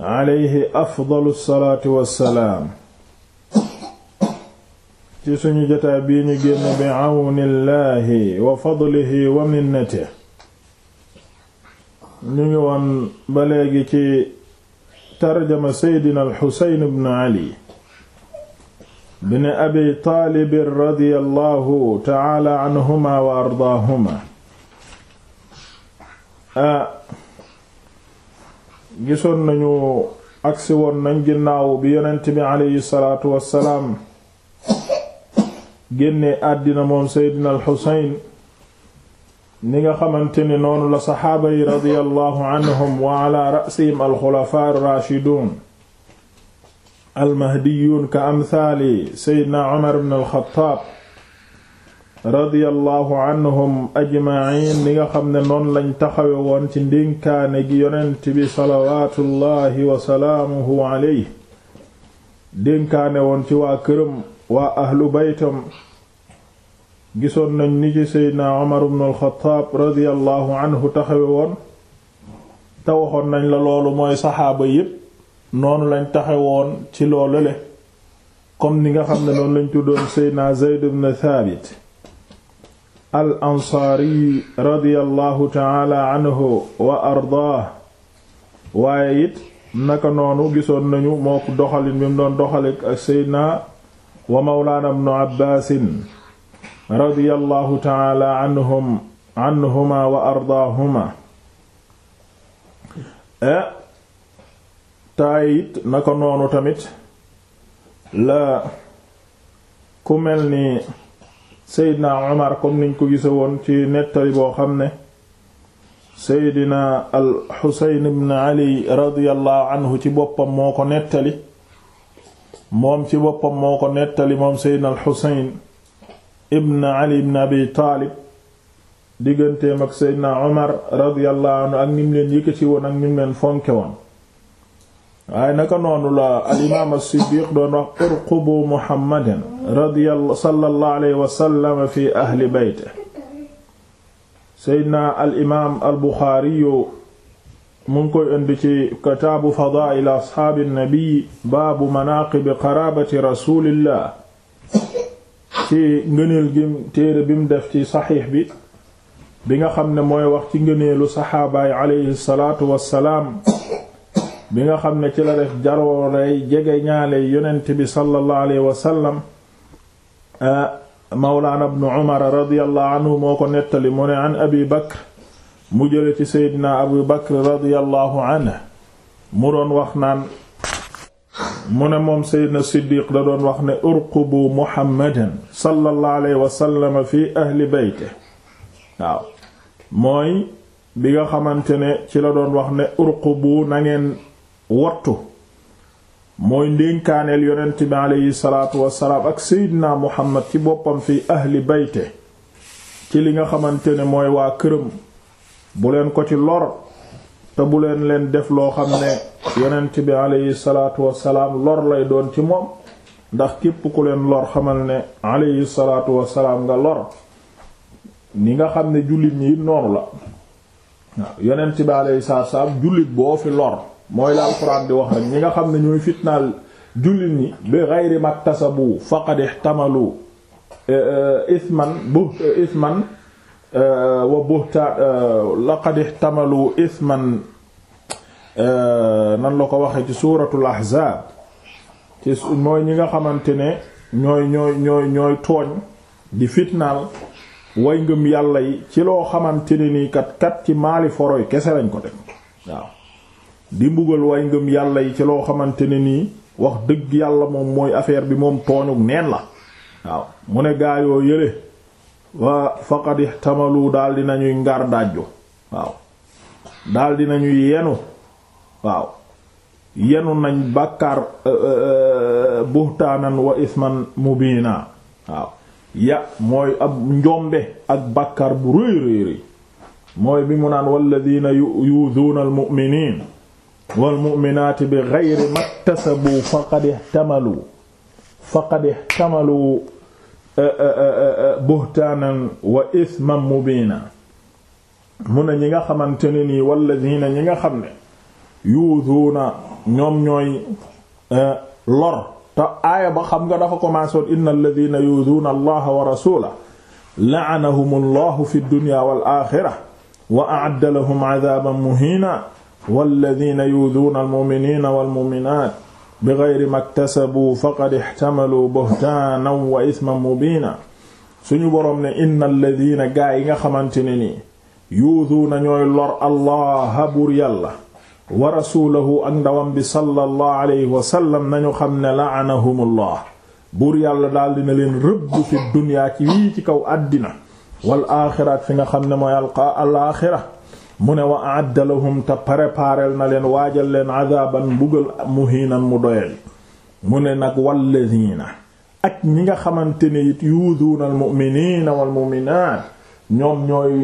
aleyhi afdalu salaatu wassalaam ci suñu jotaa bii ñu génn bi àwnillaahi wa fadlihi wa minnatihi ñu ngi woon ba léegi ci tarjama seydina alxuseyn bn ali bn abi taalib radiyallahu taala anhuma wa ardaahuma gisoon nañu agsi woon nañ ginnaaw bi yonent bi aleyhi salaatu àddina moom seydina al ni nga xamante ne noonu la saxaaba yi radiyallahu anhum wa ala alxulafaa arrachidun almahdiyuun ka amthaali seydina umar ibn alxataab radiyallahu anhum ajma'in li nga xam ne noonu lañ taxawe woon ci ndénkaane gi yonent bi salawaatullahi wa salaamuhu alayhi dénkaane woon ci waa këram waa ahlu baytam gisoon nañ ni ci seydna Umar ibn al-Khattab anhu taxawe woon te waxoon nañ la loolu mooy saxaaba yépp noonu lañ taxe woon ci loolu le comme ni nga xam ne noonu lañ tuddoon seydna Zayd ibn Thabit al ansaari radiyallahu taala anhu wa ardaah waaye it naka noonu gisoon nañu moo ko doxalin bi mu doon doxalik ak seydna wa mawlaana ibnu abbaasin radiyallahu taala anhum anhuma wa ardaahuma eh, taayit naka noonu tamit la ku mel ni seydina Umar comme niñ ko gise woon ci nettali boo xam ne seydina al Xuseyn ibn Ali radiyallahu anhu ci boppam moo ko nettali moom ci boppam moo ko nettali moom seydina al Xuseyn ibn Ali ibn Abi Taalib digganteem ak seydina Umar radiyallahu anhu ak nim leen yëkkati woon ak nim leen fonke woon waaye naka noonu la alimaam as-Siddiq doon wax urqubu muhammadan radiyallahu sallallahu alayhi fi ahli bayte seydna alimaam al-Buxaari mu ngi koy indi ci kitaabu fadaa'il asxaabi nabi baabu manaaqibi qaraabati rasulillah ci ngëneel gi téere bi mu def ci saxiix bi bi nga xam ne mooy wax ci ngëneelu saxaabaay alayhi salaatu wassalaam bi nga xam ne ci la def jarooray jege ñaale yonent bi sallallahu alayhi mawlaana ibnu umar radiyallahu moo ko nettali mu ne abi bakr mu jële ci seydina abu bakr radiyallahu anhu mu doon wax naan mu ne moom seydina siddiq da doon wax ne urqubu muhammadan sallallahu alayhi fi ahli beyte mooy bi nga xamante ne ci la doon wax ne urqubu na wattu mooy ndénkaaneel yonent bi aleyhi salaatu wasalaam ak seydina muhammad ci boppam fi ahli bayte ci li nga xamante ne mooy waa këram bu leen ko ci lor te bu leen leen def loo xam ne yonent bi aleyhi salaatu wasalaam lor lay doon ci moom ndax képp ku leen lor xamal ne aleyhi salaatu wasalaam nga lor ni nga xam ne jullit ñi noonu la waaw yonent bi aleyhi salaatu jullit boo fi lor mooy la alxuraan di wax rek ñi nga xam ne ñooy fitnaal jullit ñi bi ghayri maktasabu faqad tamalu eh, eh, isman bu eh, isman wa buhta laqad ihtamalu isman nan la ko waxee ci suuratul ahzaab ci mooy ñi nga xamante ne ñooy ñooy ñooy ñooy tooñ di fitnaal way ngëm yàlla yi ci loo xamante ne kat kat ci maali foroy kese lañ ko dem waaw di mbugal way ngëm yàlla yi ci loo xamante ne nii wax dëgg yàlla moom mooy affaire bi moom tooñug neen la waaw mu ne gaayoo yële wa faqad ihtamalu daal dinañuy ngar dajju waaw daal dinañuy yenu waaw yenu nañ bàkkaar euh, euh, euh, buhtaanan wa isman mubina waaw ya mooy ab njombe ak bàkkaar bu réy réy réy mooy bi mu naan walladina yu'dhuna al mu'minin wal mu'minaati bi ghayri maktasabu faqad ihtamalu faqad ihtamalu eh, eh, eh, buhtaanan wa ithman mubiina mu ne ñi nga xamante ne nii walladina ñi nga xam ne yuuzuuna ñoom ñooy lor te aaya ba xam nga dafa commencé woon inna alladina yuuzuuna allaha wa rasula la'anahum allahu fi dunya wal axira wa a'adda lahum 'adaban muhiina walladina yuduuna almuminina walmuminaat bigayri maktasabu faqad ixtamalu buhtaanan wa isman mubiina suñu boroom ne inna alladina gaa yi nga xamante ne nii yuuduuna ñooy lor allah buur yàlla wa rasuulahu ak ndawam bi sallallahu alayhi wasallam nañu xam ne la'anahumullah buur yàlla daal dina leen rëbb fi dunyaa ci wii ci kaw àddina wal fi nga xam ne mooy mu ne wa a'adda lahum te préparel na leen waajal leen adaban mbugal muhiinan mu doyel mu ne nag walladina ak ñi nga xamante ne it yuuduuna al mu'miniina wal mu'minaat ñoom ñooy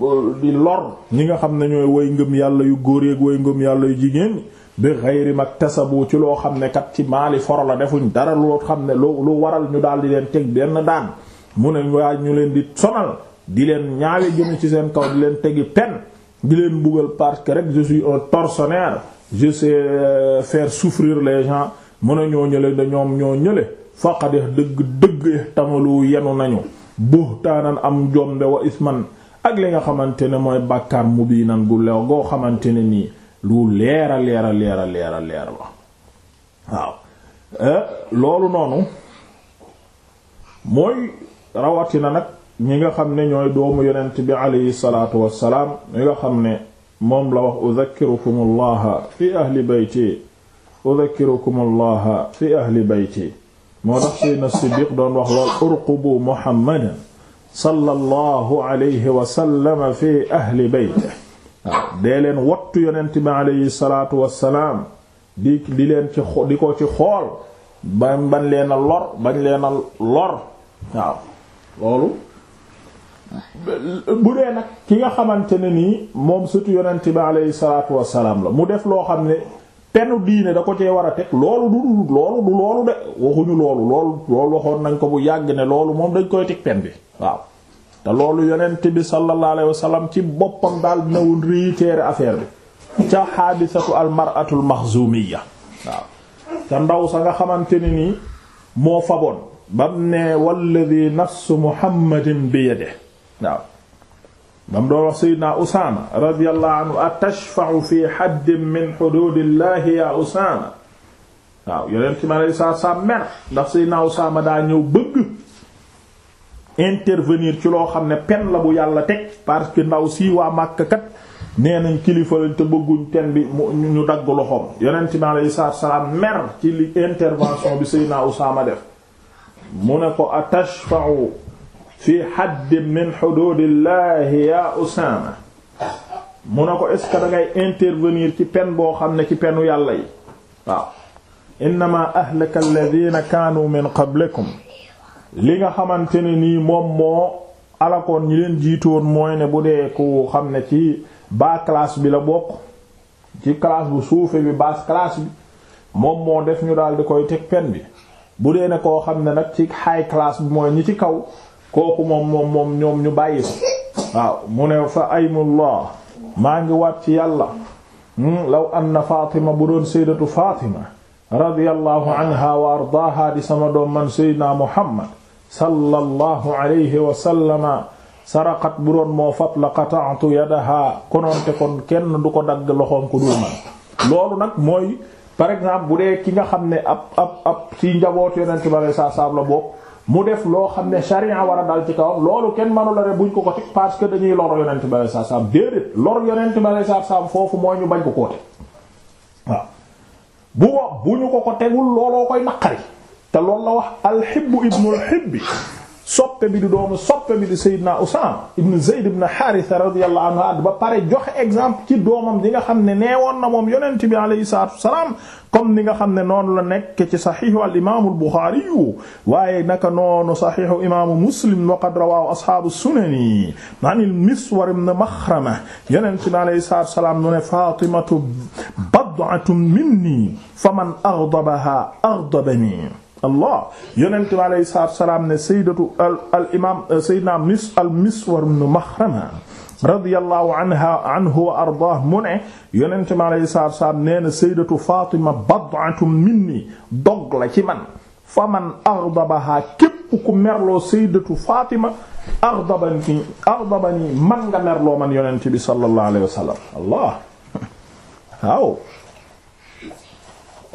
uh, di lor ñi nga xam ne ñooy way ngëm yàlla yu góor ak way ngëm yàlla yu jigéen bi xayri maktasabu ci loo xam ne kat ci maali foro la defuñ dara loo xam ne lu lu waral ñu daal di leen teg benn daan mu ne waa ñu leen di sonal di leen ñaawe jëme ci seen kaw di leen tegi pen di leen buggal parce que rek je un tortionnaire je sais euh, faire souffrir les gens mën a ñoo ñële da ñoo ñële faqadih dëgg dëgg tamalu yenu nañu buhtaanan am jombe wa isman ak li nga xamante ne mooy bàkkaar mu bii nan gu xamante ne nii lu leera leera leera leera leer la waaw euh, loolu noonu mooy rawatina nag ñi nga xam ne ñooy doomu yonent bi aleyhi salaatu wassalaam ñi nga xam ne moom la wax udhakkirukum allaha fi ahli bayti udhakkirukum allaha fi ahli bayti moo tax sayyidina siddiq doon wax lool urqubu muhammadan sallallahu alayhi wa fi ahli bayte waaw leen wattu yonent bi alayhi salaatu wassalaam di leen ci ko ci xool ban ban leen a lor bañ leen a lor loolu bu dee nag ki nga xamante ne nii moom surtout yonent bi aleyhi salaatu wassalaam la mu def loo xam ne penu diine da ko cee war a teg loolu du loolu du loolu de waxuñu loolu loolu loolu waxoon nañ ko bu yàgg ne loolu moom dañ koy teg pen bi waaw te loolu yonent bi sallallahu alayhi wasallam ci boppam daal nawul réitérer affaire bi ca xaadisatu al mar'atul waaw ca ndaw sa nga xamante ne nii moo faboon bam ne walladi nafsu muhammadin bi yadihi waaw ba mu doon wax Seydina Usaama radiyallahu anhu atashfa'u fi haddin min hududillahi ya Usaama waaw yonent mi aleyhi salaatu salaam mer ndax Seydina Usaama daa ñëw bëgg intervenir ci loo xam ne pen la bu yàlla teg parce que ndaw si waa kat nee nañ kilifa lañ te bëgguñ ten bi mu ñu dagg loxoom yonent mi aleyhi salaatu salaam mer ci intervention bi Seydina Usaama def mu ne ko atashfa'u fii haddin min xuduudillahi ya Usaama mu ne ko est dangay intervenir ci pen boo xam ne ci penu yàlla yi waaw innama ahlaka alladina kaanu min qablikum li nga xamante ne nii moom moo alakoon ñi leen jiitoon mooy ne bu dee ku xam ne ci bas classe bi la bokk ci classe bu suufe bi basse classe bi moom moo def ñu daal di koy teg pen bi bu dee ne koo xam ne nag ci high classe bi mooy ñi ci kaw kooku moom moom moom ñoom ñu bàyyi ko waaw mu ne fa aymullah maa ngi waat ci yàlla hmm, law anna Fatima bu doon sayyidatu Fatima radiyallahu anha wa ardaaha di sama doom man sayyidina Muhammad sallallahu alayhi wa sallama saraqat bu doon moo fat la yadaha kononte kon kenn du ko dagg loxoom ku dul man loolu nag mooy par exemple bu dee ki nga xam ne ab ab ab ci njaboot yonent bi sallallahu alayhi wa mu def loo xam ne sharia war a dal ci kaw loolu kenn manu la buñ ko ko teg parce que dañuy lor yonent bi alayhi salaam déedéet lor yonent bi alayhi salaam foofu moo ñu bañ ko koo teg waaw bu bu ñu ko ko tegul looloo koy naqari te loolu la wax alxibbu ibnul bi soppe bi di doomu soppe bi di Seydina Usaama ibn Zayd ibn Haarisa radiyallahu anhu ba pare joxe exemple ci doomam di nga xam ne neewoon na moom yonent bi alayhi salaatu wasalaam comme ni nga xam ne noonu la nekk ci saxiixu al imaamu al Buxaari waaye naka noonu saxiixu imaamu Muslim wa qad rawaahu ashaabu sunani an al Miswar ibn Maxrama yonent bi alayhi salaatu wasalaam mu ne Faatimatu bad'atun minni faman aghdabahaa aghdabanii allah yonent bi alayhi salaatu wassalaam ne sayyidatu al al imaam euh, sayyidina mis al miswar ibn maxrama radiyallahu anha anhu wa ardaah mu ne yonent bi alayhi salaatu wassalaam nee na sayyidatu fatima bad'atun minni dog la ci man fa man agdabaha képp ku merloo sayyidatu fatima agdabani agdabani man nga merloo man yonent bi sallallahu alayhi wa sallam allah waaw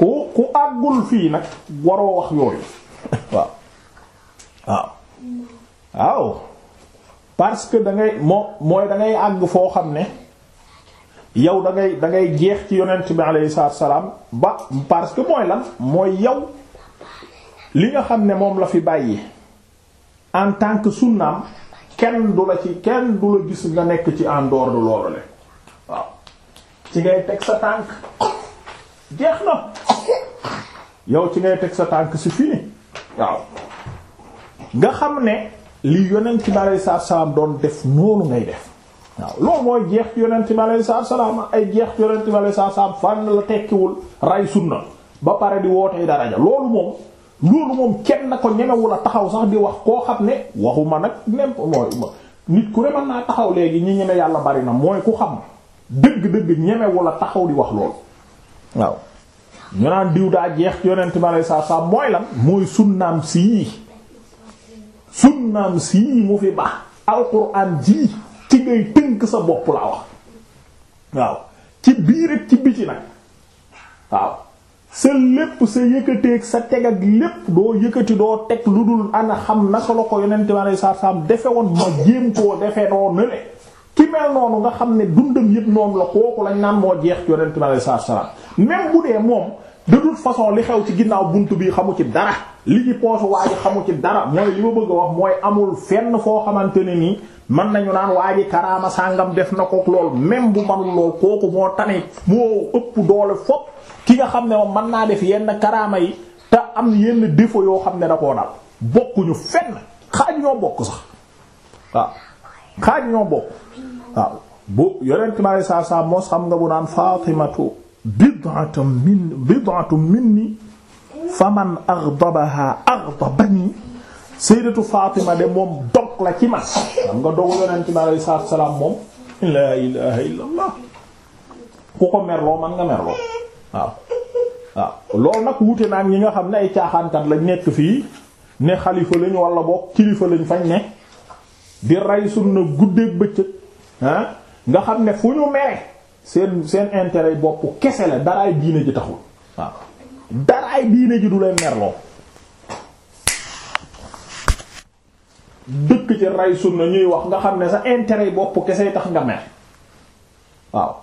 ku ku àggul fii nag waroo wax yooyu waaw waaw parce que da ngay moo mooy da àgg foo xam ne yow dangay dangay da jeex ci yonent bi alayhi salaam ba parce que mooy lan mooy yow li nga xam ne moom la fi bàyyi en tant que sunnaam kenn du la ci kenn du la gis nga nekk ci en dehors de loolu le waaw ci ngay teg sa tànk. jeex na yow ci ngay teg sa tànk si fini waaw nga xam ne li yonent bi aleyhi salaatu salaam doon def noonu ngay def waaw loolu mooy jeex ci yonent bi aleyhi salaatu salaam ay jeex ci yonent bi aleyhi salaatu salaam fànn la tekkiwul ray na ba pare di wootee daraja loolu moom loolu moom kenn na ko ñemewul a taxaw sax di wax koo xam ne waxuma nag nem mooy nit ku ne mën naa taxaw léegi ñi ñeme yàlla bari na mooy ku xam dëgg-dëgg ñemewul a taxaw di wax loolu waaw ñu naan diw daa jeex yonent ma lay saa saa mooy lan mooy sunnaam sii sunnaam sii mu fi baax alquran ji ci ngay tënk sa bopp laa wax waaw ci biir ak ci biti nag waaw sa lépp sa yëkkateeg sa teg ak lépp doo yëkkati doo teg lu dul ana xam naka la ko yonent ma lay saa saa defe woon ma jéem koo defe doo nële ki mel noonu nga xam ne dundam yëpp noonu la kooku lañ naan moo jeex yonent bi alei salaatu salaam bu dee moom de façon li xew ci ginnaaw bunt bi xamu ci dara li ci poosu waa ji xamu ci dara mooy li ma bëgg wax mooy amul fenn foo xamante ne nii mën nañu naan waa ji karaama sàngam def na ko lool même bu manul lool kooku moo tane moo ëpp doole fop ki nga xam ne moom mën naa def yenn karaama yi te am yenn défaut yoo xam ne da koo dal bokkuñu fenn xaaju bokk sax xaaj ñoo bokk waaw bu yonent mi aleyhi salaatu salaam xam nga bu naan Faatimatu bid'atun min bid'atun minni faman aghdabaha aghdabani sayyidatu Faatima de moom dog la ci mas xam nga dogu yonent mi aleyhi salaam moom laa ilaaha illallah ku ko merloo man nga merloo waaw waaw loolu nag wuute naa ñi nga xam ne ay caaxaankat lañ nekk fii ne xalifa lañ wala bokk kilifa lañ fañ ne di ray sunna guddeeg bëccëg ah nga xam ne fu ñu mere seen seen yi bopp kese la daraay diine ji taxul waaw daraay diine ji du lay merloo dëkk ci ray sunna ñuy wax nga xam ne sa yi boppu kese tax nga mer waaw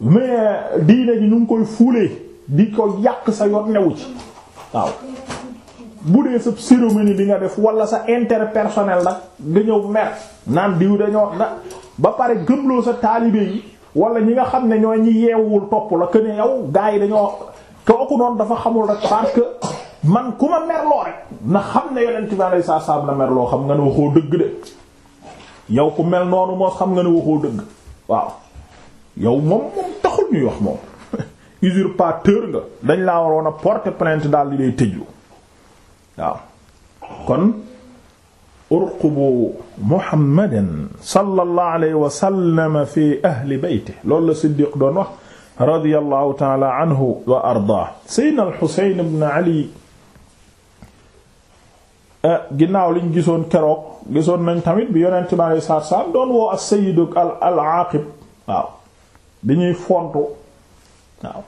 mais diine ji ñu ngi koy fuulee di ko yàq sa yoon newu ci waaw bu dee sa cérémonie bi nga def wala sa intérêt personnel la nga ñëw mer naan diw dañoo na ba pare gëmloo sa taalibe yi wala ñi nga xam ne ñoo ñi yeewul topp la que ne yow gars yi dañoo kooku noonu dafa xamul rek parce que man ku ma merloo rek na xam ne yonent bi alayhi salaam la merloo xam nga ni waxoo dëgg de yow ku mel noonu moo xam nga ne waxoo dëgg waaw yow moom moom taxul ñuy wax moom usurpateur nga dañ laa waroon a porter plainte daal di lay tëju. waaw kon urqubu muhammadan sallallahu alayhi wa sallam fi ahli baytihi loolu la siddiq doon wax radiyallahu ta'ala anhu wa ardaah sayyidina al-Husayn ibn Ali eh, ginnaaw liñ gisoon keroog gisoon nañ tamit bi yonent bi alayhi salaatu salaam doon woo as-sayyid al-aaqib waaw bi ñuy fontu waaw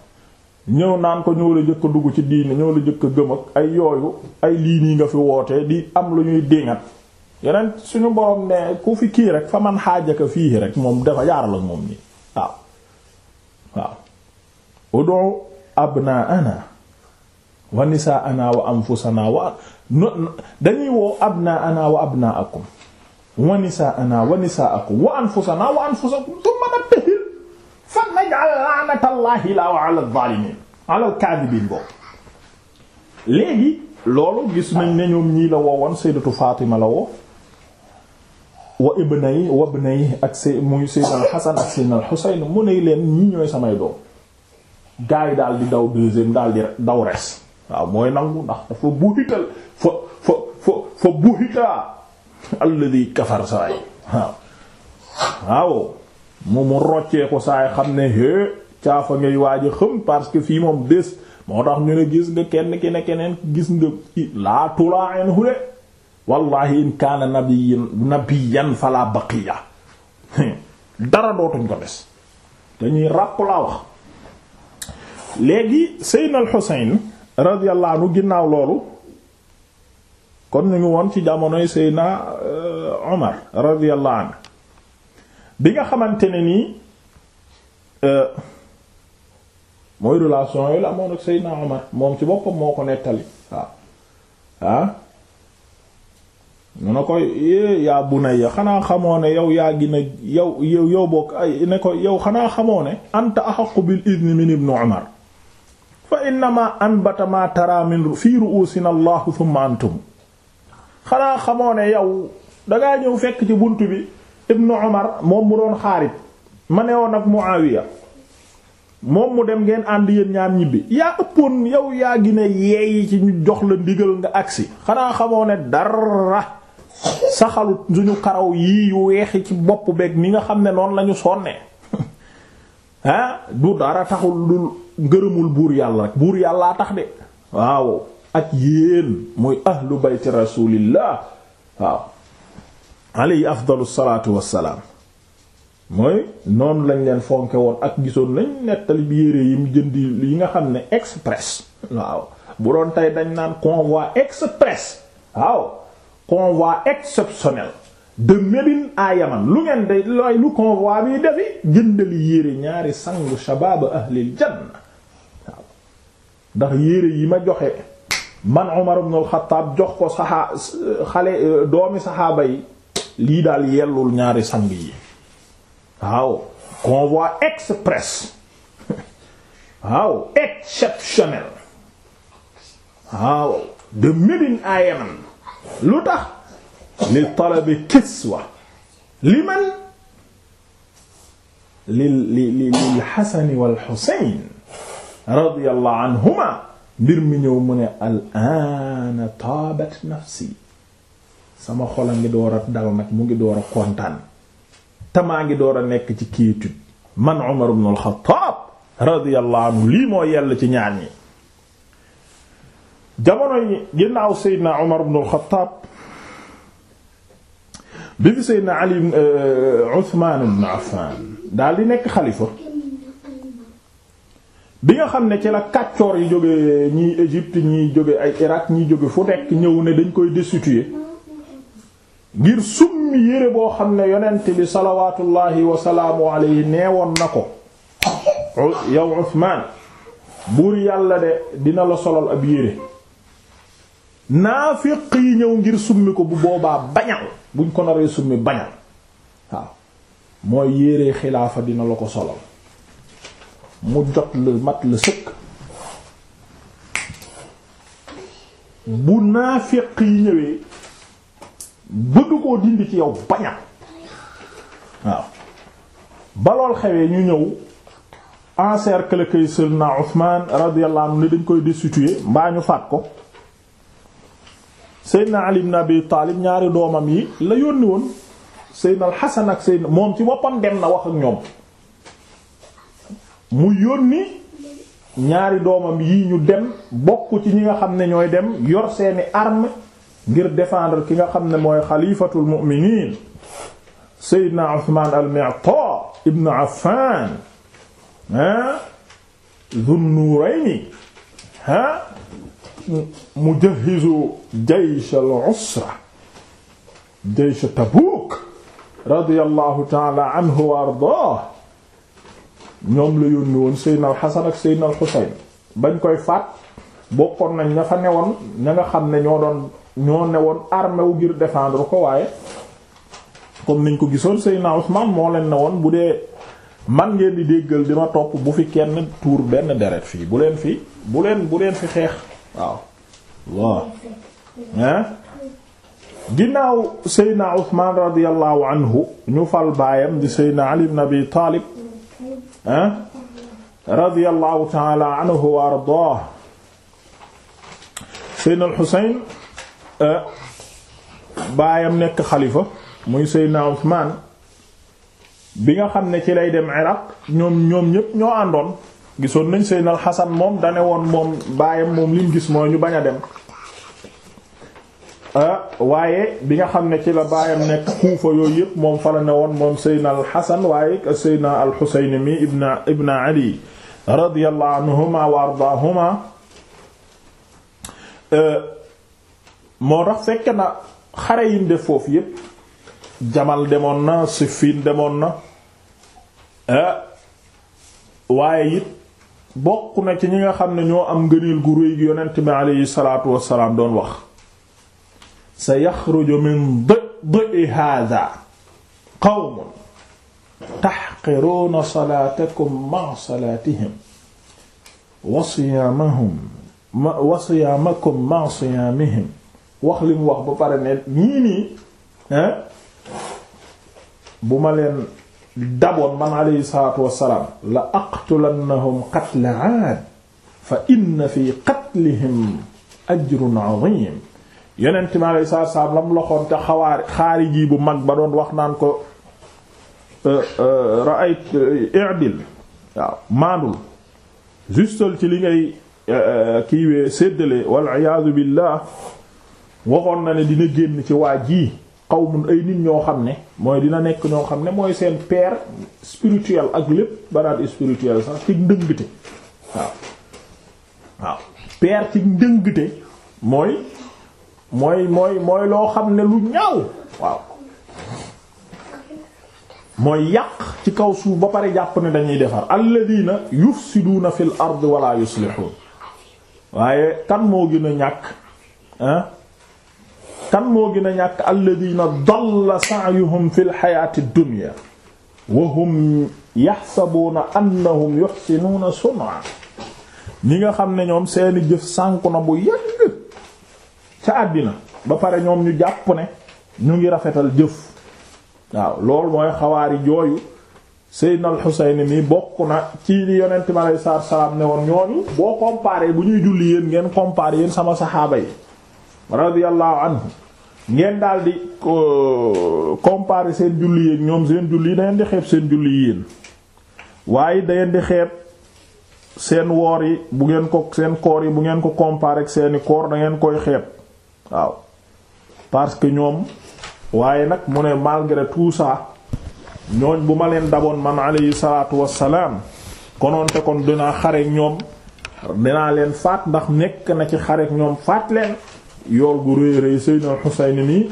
ñëw naan ko ñoo la jëkk dugg ci diine ñoo la jëkk a gëm ak ay yooyu ay lii nii nga fi wootee di am lu ñuy dingat yeneen suñu borom ne ku fi kii rek fa man xaajaka fii rek moom dafa yaaral ak moom nii waaw waaw ud'u abnaana wa nisaana wa anfusana wa dañuy woo abnaana wa abnaakum wa nisaana wa nisaakum wa anfusana wa anfusakum fan naj'al la'natallahi la wa 'ala adh-dhalimin 'ala al boobu léegi loolu gis nañ ne ñoom ñii la woowoon sayyidatu Fatima la woo wa ibnay wa ibnay ak s muy sayyidina al-Hasan ak sayyidina al-Husayn mu ne leen ñii ñooy samay doom gars yi daal di daw deuxième daal di daw res waaw mooy nangu ndax dafa buhital fa fa fa fa buhita alladhi kafar say waaw waaw mu mu roccee ko saay xam ne é caafa ngay waaj a parce que fii moom bés moo tax ñu ne gis nga kenn ki ne keneen gis nga laa tulaa en hule wallahi in kaana nabiyyan nabiyyan fala baqiya dara dootuñ ko des dañuy ràpp laa wax léegi seydna al xuseyn radiyallahu ginnaaw loolu kon ñu ngi woon ci jamonoy seydna euh, omar radiyallahu anhu bi nga xamante ne nii euh, mooy relation yooyu la amoon ak Seydina Omar moom ci boppam moo ko nettali waaw ah mu ne ko yow yow yow yow bokk ay ne ko yow xanaa xamoo ne anta axaqu bil idni min ibnu Omar fa innama anbata ma tara min fi ru'usina allahu thumma antum xanaa xamoo ne yow dangaa ñëw fekk ci bunt bi ibnu Umar moom mu doon xaarit ma ne woon ak Muawiya moom mu dem ngeen ànd yéen ñaar ñibbi yaa ëppoon yow yaa gi ne yeey ci ñu jox la ndigal nga agsi xanaa xamoo ne dara saxalut suñu karaw yii yu weexi ci bopp beeg ni nga xam ne noonu lañu sonne ah du dara taxul dul ngërëmul buur yàlla rek buur yàllaa tax de waaw ak yéen muy ahlu bayti rasulillah waaw alayhi afdalu salaatu wassalaam mooy noonu lañ leen fonke woon ak gisoon nañ nettali yére yi mu jëndi yi nga xam ne express waaw bu doon tey dañ naan convoi express waaw convoi exceptionnel de Médine à Yaman lu ngeen de looy lu convoi bi defi jëndali yére ñaari sangu shabaaba ahlil janna waaw ndax yére yi ma joxe man Umar ibn al jox ko saxaa xale doomi saxaaba yi lii daal yellul ñaari sang yi waaw convoi express waaw exceptionnel waaw de Médine à Yaman lu tax li talabi kiswa li man li li li lil Hasan wal Husayn radiyallahu anhuma mbir mi ñëw mu ne al ana taabat nafsi sama xol a ngi door a dal nag mu ngi door a kontaan te maa ngi door a nekk ci quiétude man Umar ibn al-Khattab radiyallahu anhu lii moo yell ci ñaan yi jamono yi ginnaaw Seydina Umar ibn al-Khattab bi fi Seydina Ali euh, Uthman ibn Affan daal di nekk xalifa bi nga xam ne ci la kàccoor yi jóge ñiy Égypte ñiy jóge ay Irak ñiy jóge fu nekk ñëw ne dañ koy destituer ngir summi yére boo xam ne yonent bi salawaatullahi wasalaamu alayhi neewoon na ko yow Usmaan buur yàlla de dina la solal ab yére naafiq yi ñëw ngir summi ko bu boobaa bañal buñ ko naree summi bañal mooy yére xilaafa dina la ko solal mu jot la mat la sëkk bu naafiq yi ñëwee bëgg koo dindi ci yow baña waaw ba xewee ñu ñëw encercle kay sëlna Usmaan radiyallahu anhu ne dañ koy destituer mbaa ñu faat ko Seydina Ali ibn Abi Taalib ñaari doomam yi la yónni woon Seydina al ak Seydina moom ci boppam dem na wax ak ñoom mu yónni ñaari doomam yi ñu dem bokk ci ñi nga xam ne ñooy dem yor seeni arme ngir défendre ki nga xam ne mooy xalifatul mu'miniin Seydina Usmaan al-Mi'taa ibn Affaan ah Dun-Nuurayni ah mujahhizu jaysh al-usra la yónni woon Seydina al-Hasan ak Seydina al-Husayn bañ koy faat bokkoon nga xam ne ñoo doon ñoo ne woon armé wu ngir défendre ko waaye comme niñ ko gisoon Seydina Ousmane moo leen ne woon bu dee man ngeen di déggal di ma topp bu fi kenn tuur benn deret fii bu leen fi bu leen fi xeex waaw waaw hein ginnaaw Seydina Ousmane radiyallahu anhu ñu fal baayam di Seydina Ali ibn Abi Talib hein radiyallahu ta'ala anhu wa ardaah Seydina al Euh, baayam nekk xalifa muy Seydina Usmaan bi nga xam ne ci lay dem Iraq ñoom ñoom ñépp ñoo àndoon gisoon nañ Seydina al Xasan moom dane woon moom baayam moom li gis mooy ñu bañ a dem euh, waaye bi nga xam ne ci la baayam nekk Kuufa yooyu yépp moom fa la ne woon moom Seydina al Xasan waaye Seydina al Xuseyn mi Ali radiyallahu anhuma wa ardaahuma euh, moo tax fekk na xare yim def foofu yépp Jamal demoon na Siffin demoon na ah, waaye it bokk na ci ñi nga xam ne ñoo am ngëneel gu réy gi yonent bi aleyhi salaatu wassalaam doon wax sa yaxruju min di'i haadha qawmun taxqiruuna salaatakum ma'a salaatihim wa siyaamahum wa siyaamakum wax li mu wax ba pare ne ñii nii hein bu ma leen daboon man alayhi salaatu wassalaam la aqtulannahum qatla aad fa inna fi qatlihim ajrun azim yonent mi alayhi salaatu wassalaam la mu loxoon te xawaari xaariji bu mag ba doon wax naan ko euh, euh, ra'ayt euh, i'dil waaw maandul justal ci li ngay kiiwee séddale wal iyaadu billah waxoon na ne dina génn ci waa ji xawmun ay nit ñoo xam ne mooy dina nekk ñoo xam ne mooy seen père spirituel ak lépp banaat spirituel sax ci ndëngte waaw waaw père ci ndëngte mooy mooy mooy mooy loo xam ne lu ñaaw waaw mooy yàq ci kaw suuf ba pare jàpp ne dañuy defar alladina na fil ard wala yuslihun waaye kan moo gën a ñàkk kan moo gën a ñàkk alladina dalla sa'yuhum fi lxayaati dunya wa hum yaxsabuuna annahum yuxsinuuna sun'a ñi nga xam ne ñoom seeni jëf sànku na bu yàgg ca àddina ba pare ñoom ñu jàpp ne ñu ngi rafetal jëf waaw lool mooy xawaari jooyu Seydina al-Husayn mi bokk na ci yonent bi aleyhi salaatu wa salaam ne woon ñooñu boo comparé bu ñuy julli yéen ngeen comparé yéen sama saxaaba yi radiyallahu anhu ngeen daal di comparer seen julli yéen ñoom seen julli yi da di xeeb seen julli yéen waaye da di xeeb seen woor yi bu ngeen ko seen koor yi bu ngeen ko comparer ak seeni koor da ngeen koy xeeb waaw parce que ñoom waaye nag mu ne malgré tout ça ñooñ bu ma leen daboon man alayhi salaatu wassalaam konoonte kon dinaa xareek ñoom dinaa leen faat ndax nekk na ci xareek ñoom faat leen yool gu rëy rëy Seydina Xuseyn nii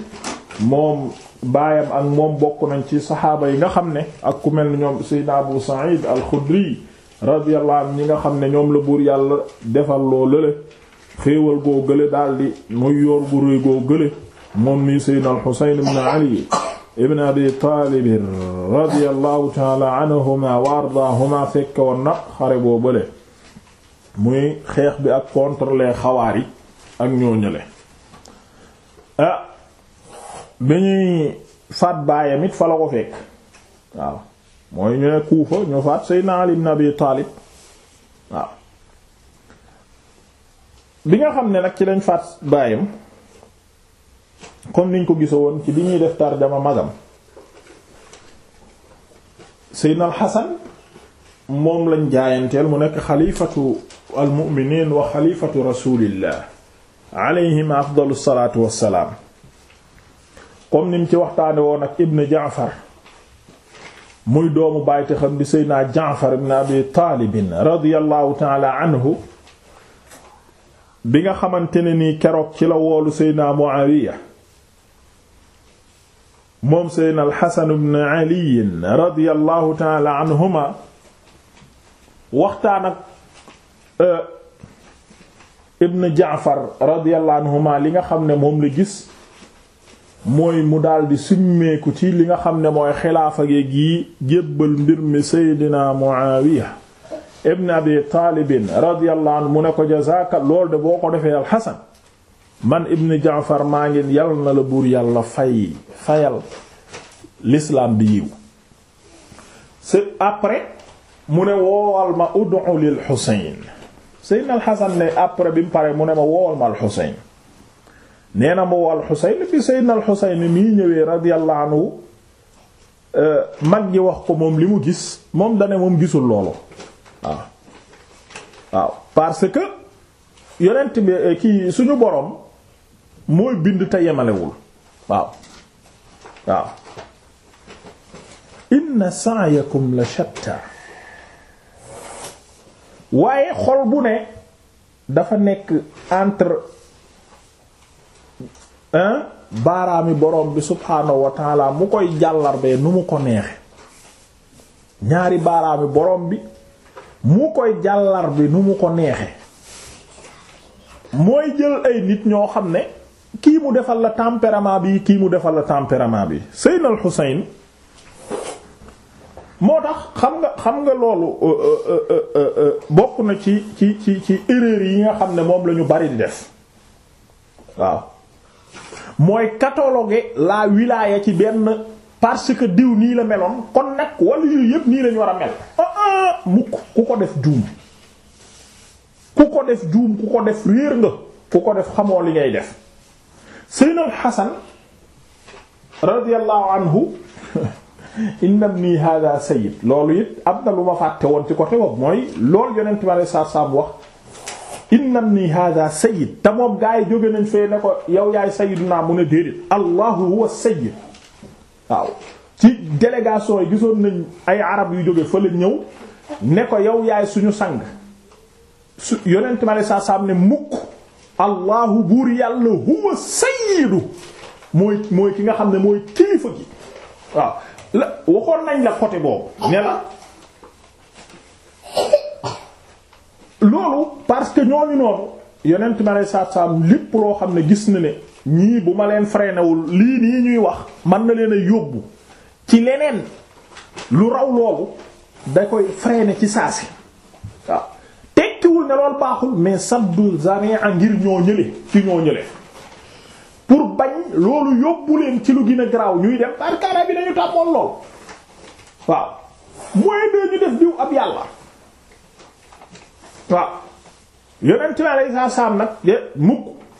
moom baayam ak moom bokk nañ ci saxaaba yi nga xam ne ak ku mel ni ñoom Seydina Abu Sa'id al-Xudri radiyallahu anhu ñi nga xam ne ñoom la buur yàlla defal loo lële xéewal goo gële daldi muy yoor gu rëy goo gële moom nii Seydina al-Xuseyn ibn Ali ibn Abi Taalib radiyallahu ta'ala wa ardaahuma fekke woon xare boo bële muy xeex bi ak contre les yi ak ñoo ñële ah bi ñuy faat baayam it fa la ko fekk waaw mooy ñu Kuufa ñu faat Seydina Ali ibn Abi Taalib waaw bi nga xam ne nag ci lañ faat baayam comme niñ ko gisa woon ci li ñuy def tarjama magam Seydina Al-Hasan moom lañ jaayanteel mu nekk xalifatu al-mu'miniin wa xalifatu rasulillah alayhim afdalu salaatu wassalaam comme nim ci waxtaane woon ak ibn jaafar muy doomu bàyte xam di seydinaa jaafar ibn abi taalibin radiyallahu taala anhu bi nga xamante ne nii keroog ci la woolu seydinaa muawiya moom seydinaa alxasan ibn ali radiyallahu taala anhuma waxtaan ak euh, ibn jaafar radiyallahu li nga xam ne moom la gis mooy mu daldi simmeeku ci li nga xam ne mooy xilaafa gi gi jébbal mbir mi seydina muawiya ibn abi taalibin radiyallahu mu ne ko jazaaka lool de boo ko defee al xasan man ibn jaafar maa ngi yal na la buur yàlla fay fayal lislaam bi yiw c'est après mu ne woowal ma ud'u lil xuseyn Seydina Alxasan ne après bi mu paree mu ne ma woowal ma Alxuseyn nee na ma woo Alxuseyn bi Seydina Alxuseyn mii ñëwee radiyallahu anhu euh, mag ji wax ko moom li mu gis moom dane moom gisul loolu waaw waaw parce que yonent bi euh, kii suñu boroom mooy bind te yemalewul waaw waaw inna sa'yakum la shatta waaye xol bu ne dafa nekk entre hein baaraami borom bi subhaanahu wa mu koy jàllarbee nu mu ko neexe ñaari baaraami borom bi mu koy jàllar bi nu mu ko neexe mooy jël ay nit ñoo xam ne kii mu defal la tempérament bi kii mu defal la tempérament bi Seynal Xuseyn moo tax xam nga xam nga loolu euh, euh, euh, bokk na ci ci ci ci erreur yi nga xam ne moom lañu bari di def waaw mooy cataloguer la wilaya ci benn parce que diw nii la meloon kon nag wala yu yëpp nii lañu war a mel ah, ah mukk ku ko def juum ku ko def juum ku ko def réer nga ku ko def xamoo li ngay def Seynal Hasan radiyallahu anhu inna ibni hada sayyid loolu it am na lu ma fàtte woon ci côté boobu mooy lool yonent bi alayhi salaatu salaam wax inna ibni hada sayyid te moom gaa yi jóge nañ fee ne ko yow yaay sayyiduna mu ne déedéet allahu huwa sayyid waaw yi gisoon nañ ay arab yu jóge fële ñëw ne ko yow yaay suñu sang su yonent bi alayhi salaatu salaam ne mukk allahu buur yàlla huwa sayyidu mooy mooy ki nga xam ne mooy kilifa gi waaw la waxoon nañ la côté boobu ah. ne la loolu parce que ñooñu noonu yonent ma lay saab saab lépp loo xam ne gis na ne ñii bu ma leen freinéwul lii nii ñuy wax man na leen a yóbbu ci leneen lu raw loolu da koy freiné ci saa si waaw tekkiwul ne loolu baaxul mais sabdu zari'a ngir ñoo ñële ci ñoo ñële pour bañ loolu yóbbu leen ci lu gën garaaw ñuy dem parce bi araab yi dañu tàmmoon lool waaw mooy dee ñu def diw ab yàlla waaw yonent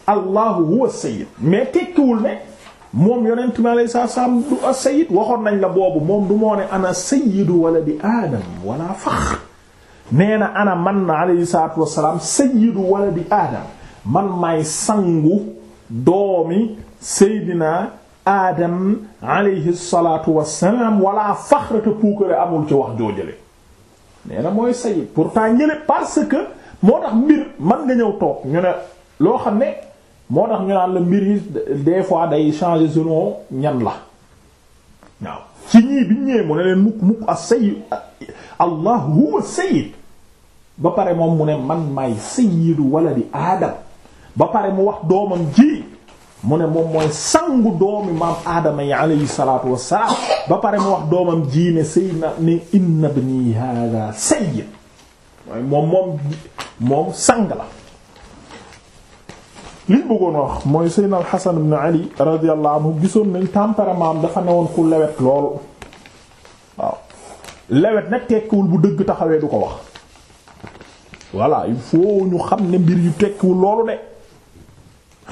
allahu huwa sayyid mais tekkiwul ne moom yonent bi alayhi waxoon nañ la boobu moom du moo ne ana sayyidu waladi aadam wala faxr nee na ana man alayhi salaatu wassalaam sayyidu waladi aadam man maay sangu doomi seydina aadam alayhi salaatu wassalaam wala faxrata puukare amul ci wax joojale nee na mooy sayid pourtant ñële parce que moo tax mbir man nga ñëw toog ñu ne loo xam ne moo tax ñu naan la mbir yi des fois day changer selon ñan la waaw ci ñii bi ñëwee mu ne leen mukk mukk a sayid allah huwa sayid ba pare moom mu ne man maay sayidu waladi aadam ba pare mu wax doomam ji mu ne moom mooy sangu doomi maam aadama yi alayhi salaatu wassalaam ba pare mu wax doomam ji ne sayyidna ne inna ibni hada sayyid moom moom sang la liñ bëggoon wax mooy sayyidna al Hasan ibn Ali radiyallahu anhu gisoon nañ tempérament am dafa newoon ku lewet loolu waaw lewet nag tekkiwul bu dëgg taxawee du ko wax voilà il ñu xam ne mbir yu tekkiwul loolu de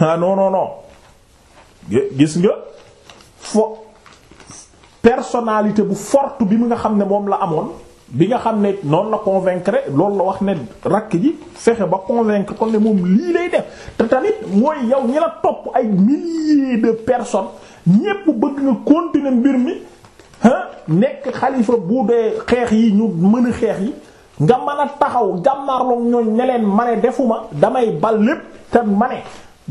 ah non non gis nga fo personnalité bu fort bi mu nga xam ne moom la amoon bi nga xam ne noonu la convaincre loolu la wax ne rakk ji fexe ba convaincre kon ne moom lii lay def te tamit mooy yow ñi la topp ay milliers de personnes ñépp bëgg nga continuer mbir mi ah nekk xalifa bu dee xeex yi ñu mën a xeex yi nga mën taxaw jàmmarloog ñooñ ne leen ma defuma damay bal lépp te ma ne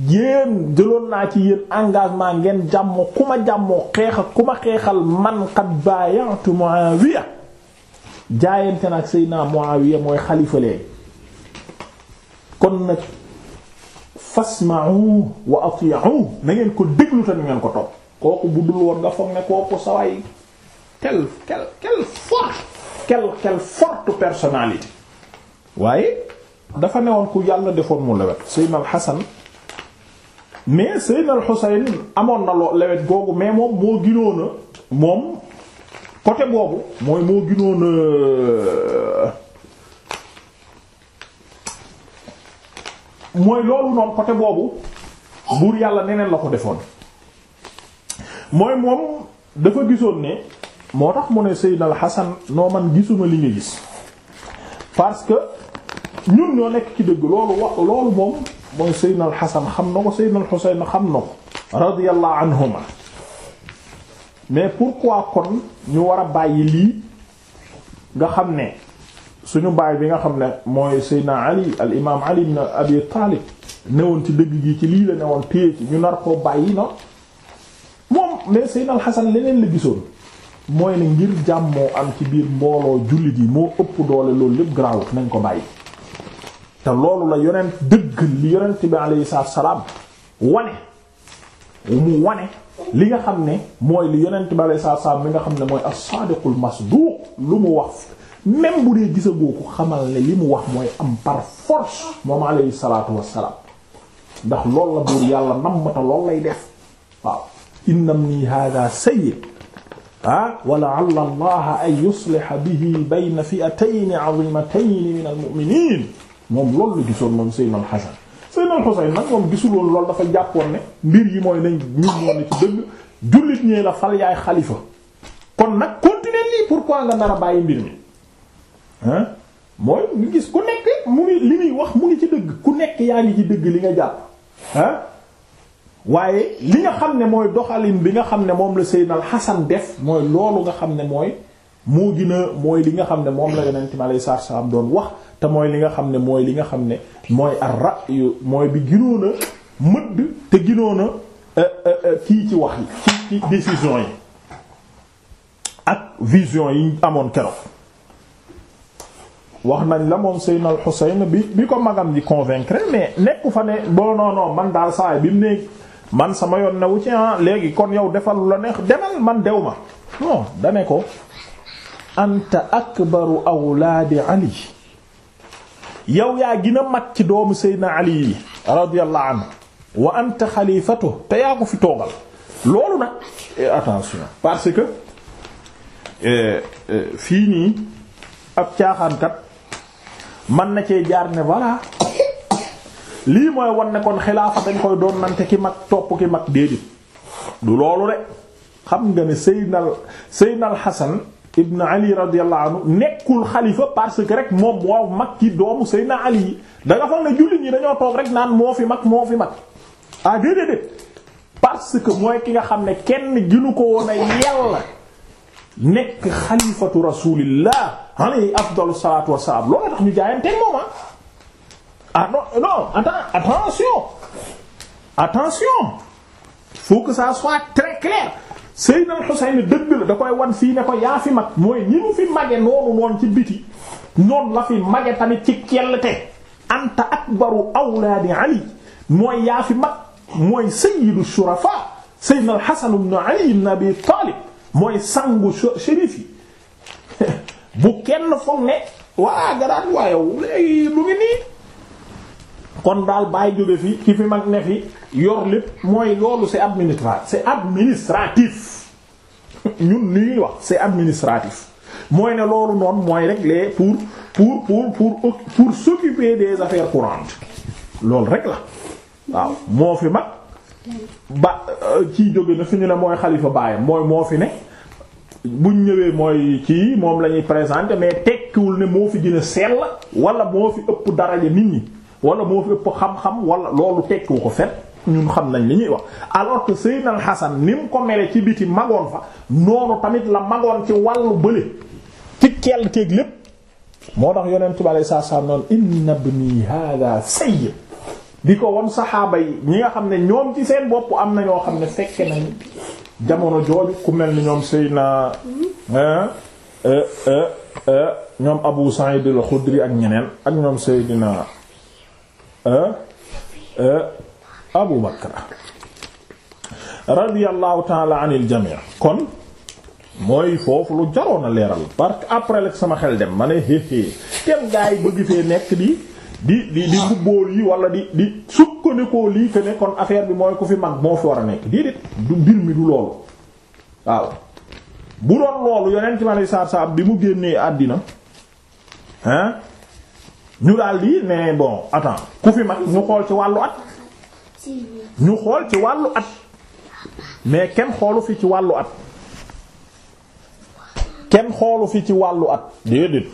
yéen jëloon naa ci yéen engagement ngeen jàmmoo ku ma jàmmoo xeex ku ma xeexal man qad baayatu Muawiya jaayante nag Seydina Muawiya mooy xalifa léegi kon nag fasma'u wa ati'u na ngeen ko déglu te ngeen ko topp kooku bu dul woon nga foog ne kooku saway quel quel quel fort quel quel forte personnalité waaye dafa newoon ku yàlla defoon mu lewet Seydina Al Hasan mais Seydina al amoon na loo lewet googu mais moom moo ginoona moom côté boobu mooy moo ginoona mooy loolu noonu côté boobu buur yàlla neneen la ko defoon mooy moom dafa gisoon ne moo tax mu ne Seydina al-Hasan noo man gisuma li nga gis parce que ñun ñoo nekk ci dëgg loolu wax loolu moom mooy Seydina al xam na ko Seydina al Xuseyn xam na ko radiyallahu anhuma mais pourquoi kon ñu war a bàyyi lii nga xam ne suñu baay bi nga xam ne mooy Seydina Ali al imaam Ali ibn Abi Taalib newoon ci dëgg gi ci lii la newoon téye ci ñu nar koo bàyyi na moom mais Seydina al Xasan leneen la gisoon mooy ne ngir jàmmoo am ci biir mbooloo jullit yi moo ëpp doole loolu lépp garaawut nañ ko bàyyi te loolu la yonent dëgg li yonent bi alayhi salaam wane mu wane li nga xam ne mooy li yonent bi alayhi salaam mi nga xam ne mooy as-sadiqul masduq lu mu wax même bu dee gisagoo ko xamal ne li mu wax mooy am par force moom alayhi salaatu wassalaam ndax loolu la buur yàlla nammata loolu lay def waaw innam nii hada sayyid ah wala'alla allaha an yusliha bihi bayna fi'atayn 'azimatayn min al-mu'minin moom loolu la gisoon moom Seydina Al Hasan Seydina Al Husayn nag moom gisul woon dafa jàppoon ne mbir yi mooy nañ ñun ñoo ne ci dëgg jullit ñee la fal yaay xalifa kon nag continuer lii pourquoi nga nar a bàyyi mbir mi hein mooy ñu gis ku nekk mu ngi li muy wax mu ngi ci dëgg ku nekk yaa ngi ci dëgg li nga jàpp hein waaye li nga xam ne mooy doxalin bi nga xam ne moom la Seydina Al Hasan def mooy loolu nga xam ne mooy moo gën mooy li nga xam ne moom la yonent mi alayhi salaatu salaam doon wax te mooy li nga xam ne mooy li nga xam ne mooy ar-ra'yu mooy bi ginoon a mëdd te ginoon a euh, euh, euh, kii ci wax yi ci ci décision yi ak vision yi amoon keroog wax nañ la moom Seydina al-Husayn bi bi ko magam yi convaincre mais nekku fa ne bon non man daal saay bi mu ne man sama yoon newu ci ah, léegi kon yow defal la neex demal man dew ma non dane anta akbaru awlaadi ali yow yaa gën mag ci doomu seydna ali yi radiyallahu anhu wa anta xalifatu te yaa ko fi toogal loolu nag eh, attention parce que eh, eh, fii nii ab caaxaankat man na cee jaar ne voilà lii mooy wan kon xilaafa dañ koy doon nante ki mag topp ki mag déedéet du loolu de xam nga ne seydna seydna hasan ibn ali radiyallahu nekkul xalifa parce que rek moom moo mag ci doomu Seydina ali yi da nga jullit ñi dañoo toog rek naan moo fi mag moo fi mag ah déedéet parce que mooy ki nga xam ne kenn ginu ko woon a nekk xalifatu rasulillah alayhi afdalu salatu wasalaam loolu tax ñu jaayanteen moom ah, ah attention attention faut que ça soit très clair Seydina Xuseyn dëgg la da koy wan fii ne ko yaa fi mag mooy ñi mu fi mage noonu noonu ci biti noonu la fi mage tamit ci kellte anta akbaru awlaadi Ali mooy yaa fi mag mooy sayyidu shurafa Seydina Xasan ibn Ali ibn Abi Taalib mooy sangu shérif yi bu kenn foog ne waa garaat waayow léegi lu ngi nii kon daal bàyyi jóge fi ki fi mag ne fi yor lépp mooy loolu c'est administratif c'est administratif ñun ñuy wax c'est administratif mooy ne loolu noon mooy rek les pour pour pour pour pour s'occuper des affaires courantes loolu rek la waaw moo fi mag ba ci euh, jóge na fi ñu ne mooy xalifa baayam mooy moo fi ne buñ ñëwee mooy ci moom la ñuy présenter mais tekkiwul ne moo fi gën a sell wala moo fi ëpp daraja nit ñi wala moo fi ëpp xam-xam wala loolu tekkiwu ko fet ñun xam nañ li ñuy wax alors que Seydina Hasan ni mu ko mele ci biti magoon fa noonu tamit la magoon ci wàllu bële ci kell teeg lépp moo tax yonentu bi alei saat salaam noonu inna ibni hada sayyid di ko won saxaaba yi ñi nga xam ne ñoom ci seen bopp am na ñoo xam ne fekke nañ jamono jooju ku mel ni ñoom Seydina euh, euh, euh, ñoom Abu Sa'id al-Khudri ak ñeneen ak ñoom Seydina Abu Bakr radiyallahu taala anil jamii kon mooy foofu lu jaroon a leeral parce que après la sama xel dem ma ne héehée tem gaa yi bëgg fee nekk di di di di mbubboo yi wala di di sukkandikoo lii que ne kon affaire bi mooy ku fi mag moo fi war a nekk déedéet du mbir mi du loolu waaw bu doon loolu yonent ma ne saab saab bi mu génnee àddina hein ñu daal di bon attends ku fi mag ñu xool ci wàllu at ñu xool ci wàllu at mais kenn xoolu fii ci wàllu at kenn xoolu fi ci wàllu at déedéet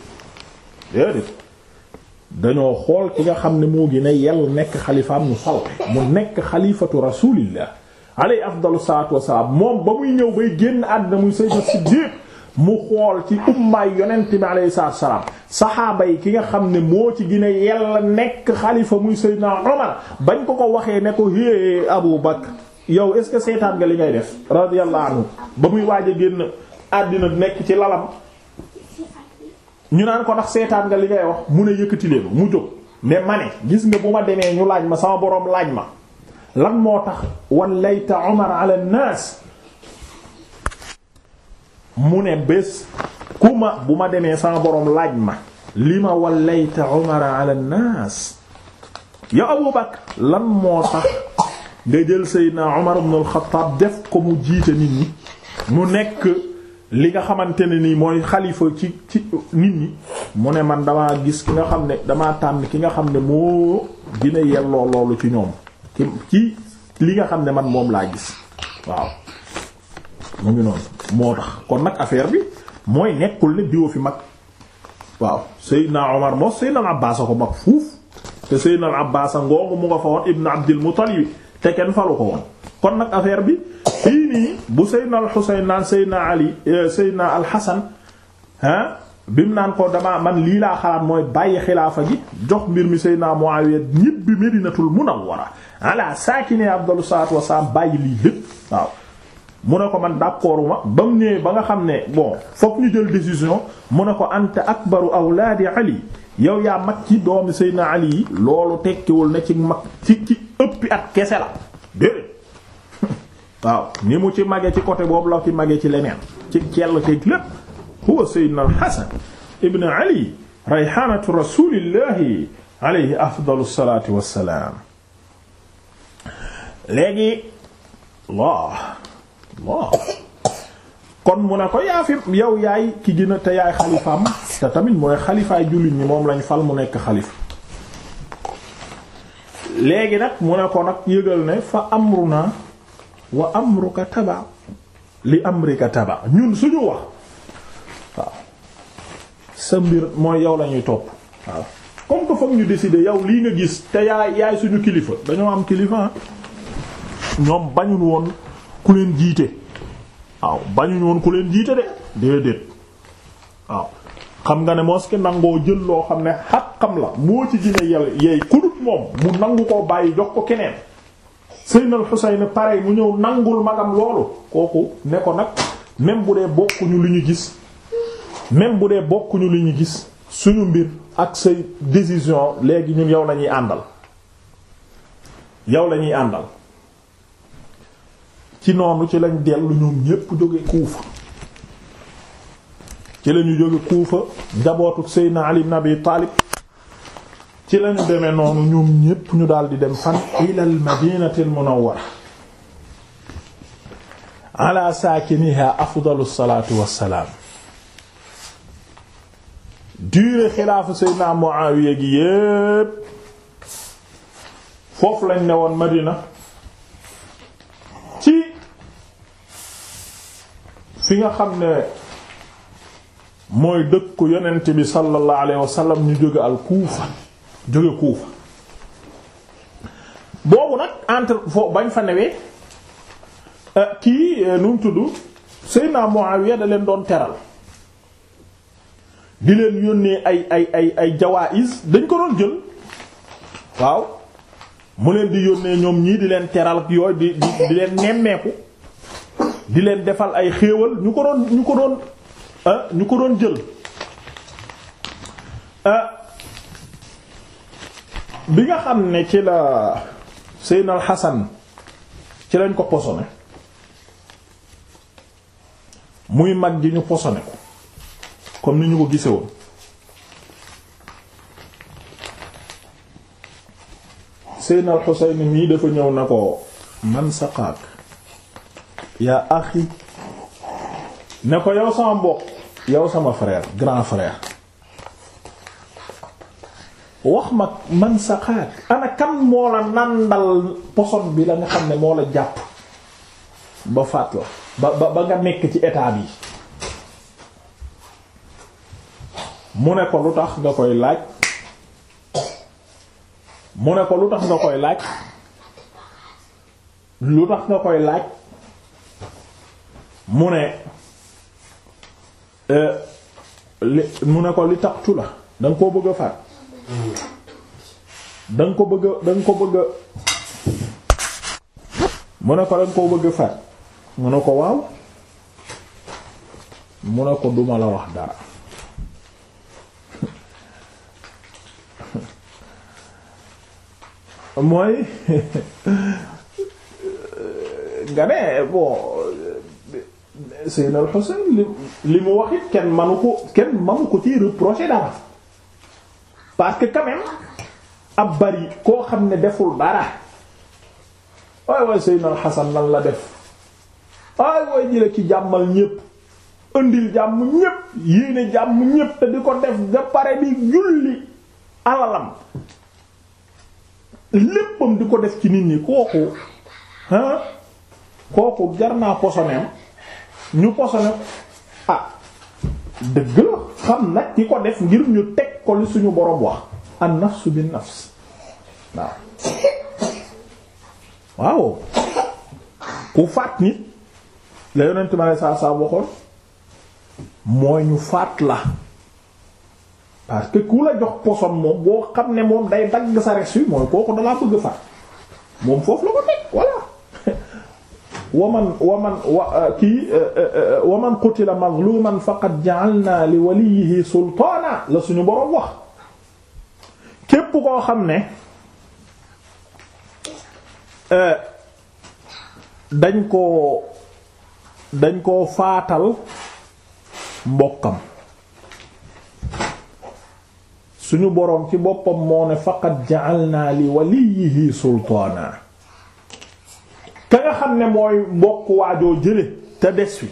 déedéet dañoo xool ki nga xam ne moo gi ne nekk xalifaam ñu fal mu nekk xalifatu rasulillah alayhi afdalu salaatu wassalaam moom ba muy ñëw bay génn àddina muy sayyidina Siddiq mu xool ci ummaay yonent bi alayhi salaam saxaaba yi ki nga xam ne moo ci gën a nekk xalifa muy Seydina Omar bañ ko ko waxee ne ko hé Abu Bakr yow est ce que seetaan nga li ngay def radiyallahu anhu ba muy waaj a génn àddina nekk ci lalam ñu naan ko ndax seetaan nga li ngay wax mu ne yëkkati leen mu jóg mais ma ne gis nga bu ma demee ñu laaj ma sama boroom laaj ma lan moo tax wallayta Omar ala mu ne bés ku ma bu ma demee sama boroom laaj ma li ma wallayta umara ala nnaas ya Abu Bakr lan moo tax nga jël Seydina Umar ibn al def ko mu jiite nit ñi mu nekk li nga xamante ne nii mooy xalifa ci ci nit ñi mu ne man damaa gis ki nga xam ne damaa tànn ki nga xam ne moo dina yelloo loolu ci ñoom ci li nga xam ne man moom laa gis waaw mu ngi noonu moo tax kon nag affaire bi mooy nekkul ne diwo fi mag waaw Seydina Omar moo Seydina Abbaas ko mag fuuf te Seydina Abbaas ngoogu mu nga fa woon Ibn Abdil Muttalib te kenn falu ko woon kon nag affaire bi fii nii bu Seydina al Xuseyn naan Ali eh, Seydina al Xasan ah naan ko damaa man lii laa xalaat mooy bàyyi xilaafa gi jox mbir mi Seydina Muawiya ñibbi Madinatul Munawwara ala saakini afdalu salaatu wa bàyyi lii lépp mu ne ko man d'accord ma ba mu ba nga xam ne bon fokk ñu jël décision mu ne ko anta akbaru awlaadi ali yow yaa mag ci doomi Seydina ali yi loolu tekkiwul na ci mag ci ci ëppi ak kese la déedéet waaw ni mu ci mage ci côté boobu la ci mage ci leneen ci kell teeg lépp huwa Seydina al ibn ali rayhanatu rasulillahi alayhi afdalu salatu wassalaam léegi Allah waaw kon mu ne ko yaa fi yow yaay ki gën a te yaay xalifaam te tamit mooy xalifaay jullit ñi moom lañ fal mu nekk xalifa léegi nag mu ne ko nag yëgal ne fa amruna wa amruka taba li amrika taba ñun suñu wax waaw sa mbir mooy yow lañuy topp waaw comme que ñu décider yow lii nga gis te yaay yaay suñu kilifa dañoo am kilifa ah. ñoom bañul woon ku leen jiite waaw bañuñu ku leen jiite de déedéet waaw xam nga ne moske nangoo jël loo xam ne xam la moo ci gine yel yey kudut moom mu nangu koo bàyyi jox ko keneen Seydina Al-Husayn pare mu ñëw nangul magam loolu kooku ne ko nag même bu dee bokkuñu lu ñu gis même bu dee bokkuñu li ñu gis suñu mbir ak say décision léegi ñun yow lañuy àndal yow lañuy àndal ci noonu ci lañ dellu ñoom ñépp jóge Kuufa ci lañu jóge Kuufa njabootu Seydina Ali ibn Abi Taalib ci lañu demee noonu ñoom ñépp ñu daldi dem fan ilal madinati al munawwara ala afdalu salaatu wassalaam durée xilaafu Seydina Muawiya gi yépp foofu lañ ne woon Madina ci fi nga xam ne mooy dëkku yonent bi sallallahu alayhi wa sallam ñu jóge al Kuufa jóge Kuufa boobu nag entre fo bañ fa newee euh, kii euh, nu mu tudd Seydina Muawiya da leen doon teral di leen yónnee ay ay ay ay jawaïs dañ ko doon jël waaw mu leen di yónnee ñoom ñii di leen teral yooyu di di leen nemmeeku di leen defal ay xéewal ñu ko doon ñu ko doon ah, ñu ko doon jël ah, bi nga xam ne ci la Seynal Xasan ci lañ ko posone muy mag ji ñu posone ko comme ni ñu ko gise woon Seydina al-Xuseyn mii dafa ñëw na ko man saqaak yaa axi ne ko yow sama mbokk yow sama frère grand frère wax ma man saqaak ana kan moo la nàndal poson bi la nga xam ne moo la jàpp ba faat la ba ba nga nekk ci etaa bi mu ne ko lu tax nga koy laaj mu ne ko lu tax nga koy laaj lu tax nga koy laaj mu ne euh, li mu ne ko li taxtu la da koo bëgg a faat da ko bëgg a ko bëgg a mu ne ko da koo bëgg a faat mu ne ko waaw mu ne ko duma la wax dara mooy nga ne bon euh, Seydina al li mu wax kenn manu ko kenn manu ko ci reprocher dara parce que quand ab bari koo xam ne deful bara waay waay Seydina Al-Hasan lan la def waay waay jële ci jàmmal ñépp ëndil jàmm ñépp yéene jàmm ñépp te di ko def ba pare di julli alalam léppam di ko def ci nit ñi kooku ah kooku jar naa posoneem ñu posone ah dëgg la xam nag ki ko def ngir ñu teg ko li suñu borom wax an nafsu bin nafs waaw waaw ku faat nit la yonent ma saa saa waxoon mooy ñu faat la parce que ku la jox poson moom boo xam ne moom day dagg sa res wi mooy kooku dalaa bëgg far moom foofu la ko nekk voilà waman waman wa euh, kii euh, euh, waman qutila mazluman faqad ja'alna li waliyihi sultaana la suñu boroom wax képp koo xam ne dañ koo dañ koo faatal mbokkam suñu boroom ci boppam moo ne faqad ja'alna li waliyihi sultaana ka nga xam ne mooy mbokk waajoo jële te des fi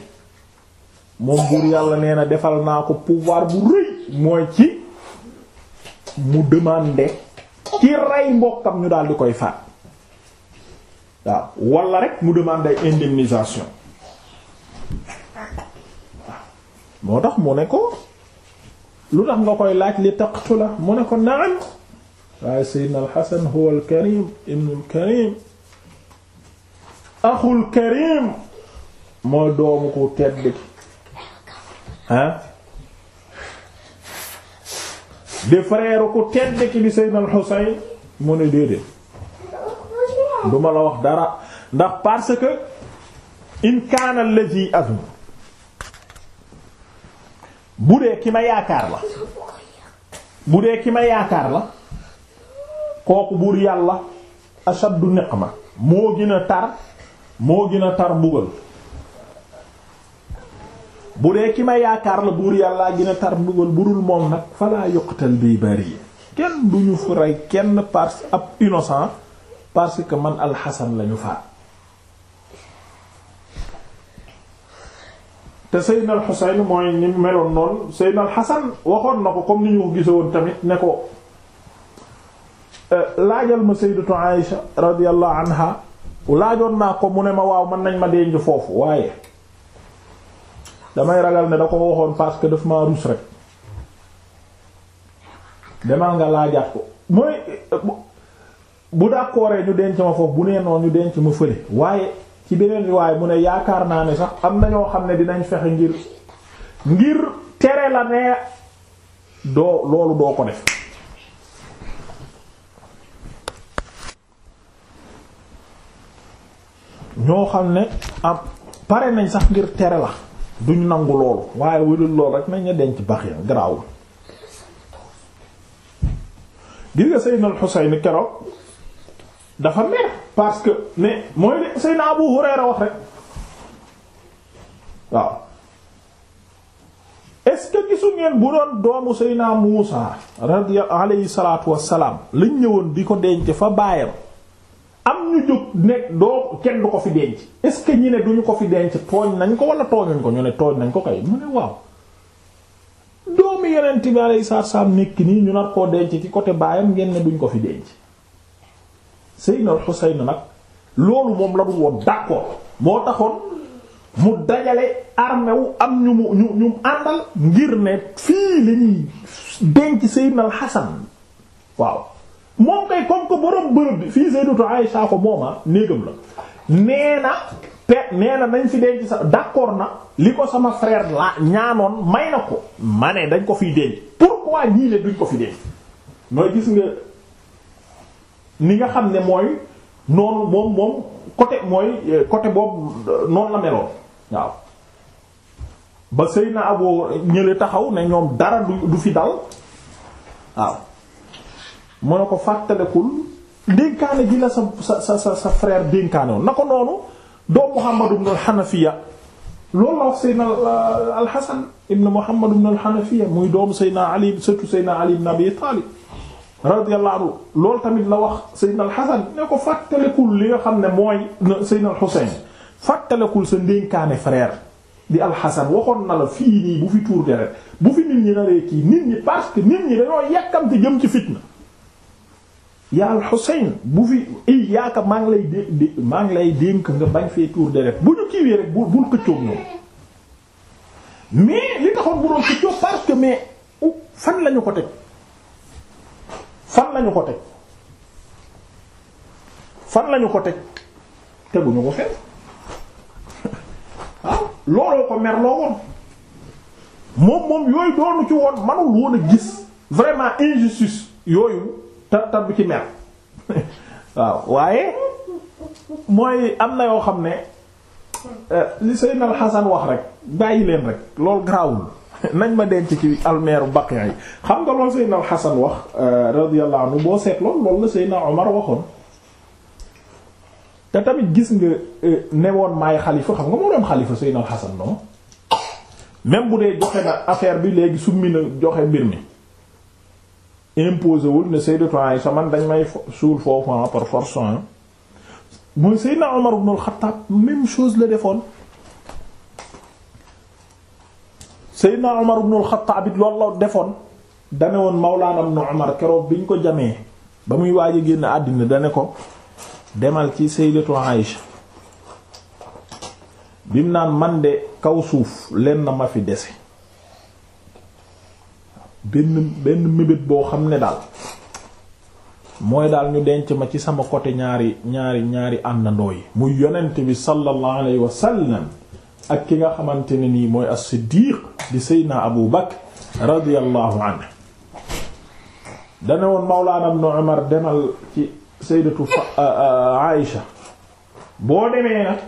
moom buur yàlla nee na defal naa ko pouvoir bu rëy mooy ci mu demander ci rey mbokkam ñu daal di koy faat waaw walla rek mu demande indemnisation moo tax mu ne ko lu tax nga koy laaj li taqtula mu ne ko na'am waaye seydna alxasan huwa alkarim ibnu alkarim axul karim mooy doomu ku tedd ki ah di frère tedd ki di seydna alxusayn mu ne déedéet duma la wax dara ndax parce que in kaana alladhi azm bu dee ki ma yaakaar la bu dee ki ma yaakaar la kooku buur yàlla ashaddu niqma moo gën a tar moo gën a tar mbugal bu dee ki ma yaakaar la buur yàlla gën a tar mbugal bu dul moom nag falaa yuqtal bi bari kenn du ñu fu rey kenn parce ab innocent parce que man alxasan lañu faat te Seydina al Xuseyn mooy ni meloon noonu Seydina al Xasan waxoon na ko comme ni ñu ko gisoon tamit ne ko euh, laajal ma Sayyidatu Aïsha radiyallahu anha laajoon naa ko mu ne ma waaw mën nañ ma denc foofu waaye damay ragal ne da ko waxoon parce que daf ma rus rek demal nga laajaat ko mooy euh, bu dàkkooree ñu denc ma foofu bu nee noonu ñu denc ma fële waaye ci beneen riwaay mu ne yaakaar naa ne sax am na ñoo xam ne dinañ fexe ngir ngir tere la ne doo loolu doo ko def ñoo xam ne ab pare nañ sax ngir tere la duñ nangu loolu waaye wulul loolu rek nañ ne denc bax ya garaawul gis nga Sayyidna al-Husayn keroog dafa mer parce que mais mooy de Seydina Abu Hurayra wax rek waaw est-ce que gisu ngeen bu doon doomu Seydina Muusa radiyallahu alayhi salaatu wassalaam lañ ñëwoon di ko denc fa baayam am ñu jóg ne doo kenn du ko fi denc est-ce que ñi ne duñu ko fi denc tooñ nañ ko wala tooñuñ ko ñu ne tooñ nañ ko kay mu ne waaw doomu yonent bi alayhi salaatu wassalaam nekk nii ñu nar koo denc ci côté baayam ngeen ne duñ ko fi denc Seydina Xuseyn nag loolu moom la dul woon d'accord moo taxoon mu dajale armée am ñu mu ñu ñu àndal ngir ne fii la ñuy denc Seydina al Xasan waaw moom kay comme que borom bërëb bi fii Sayyidatu Aïsha ko mooma néegam la nee na pe nañ fi denc sa d'accord na li ko sama frère la ñaanoon may na ko ma dañ ko fiy denc pourquoi ñii duñ ko fi denc mooy gis nga ni nga xam ne mooy noonu moom moom côté mooy euh, côté boobu euh, noonu la meloon waaw ba sëy na aboo ñële taxaw ne ñoom dara du fi dal waaw mu ne ko fàttalekul dénkaane ji la sa sa sa sa frère dénkaane woon na ko noonu doo Muhammad ibn al-Hanafiya loolu la wax Seydina euh, al-Hasan ibn Muhammad ibn al-Hanafiya muy doomu Seydina Ali sëtu Seydina Ali ibn Abi Talib radiyallahu anhu loolu tamit la wax Seydina Al-Hasan ne ko fàttalikul li nga xam ne mooy Seydina Al-Husayn fàttalekul sa ndénkaane frère di Al-Hasan waxoon na la fii nii bu fi tuur rek bu fi nit ñi naree kii nit ñi parce que nit ñi dañoo yàkkamti jëm ci fitna yaa Al-Husayn bu fi i yaaka maa ngi lay dé maa ngi lay dénk bañ fee tuur deret bu ñu kiiwee rek bul këccoog ñoom mais li taxoon bu doon këccoo parce mais fan lañu ko teg fan lañu ko teg fan lañu ko teg teguñu ko fen ah, looloo ko mer loo moom moom yooyu doonu ci woon manul woon a gis vraiment injustice yooyu tar tar bu ci mer waaw waaye mooy am na yoo xam ne euh, li Seydina Al Hasan wax rek bàyyi leen rek loolu garaawul nañ ma denc ci almeeru Baqi yi xam nga loolu Seydina al wax euh, radiyallahu anhu boo seet lool loolu la Seydina Omar waxoon te tamit gis nga euh, newoon maay xalifa xam nga moo doon xalifa Seydina Al-Hasan noonu bu dee joxe na affaire bi léegi summi na joxe mbir mi imposé wul ne Sayyidatu Aisha man dañ may suul foofu ah, par force mooy Seydina Omar ibn chose la defoon Seydina Umar ibn al-Khattab it loolu la defoon dane woon Mawlaana ibn Umar keroog biñ ko jamee ba muy waaj génn àddina dane ko demal ci Sayyidatu Aïsha bim naan man de kaw suuf lenn ma fi dese benn benn mébét boo xam ne daal mooy daal ñu denc ma ci sama côté ñaari ñaari ñaari àndandoo yi muy yonent bi sallallahu alayhi ak ki nga xamante ne nii mooy as-Siddiq di seydna abu bakr radiallahu anhu dana woon mawlaana ibn umar demal ci saydatu aïsha boo demee nag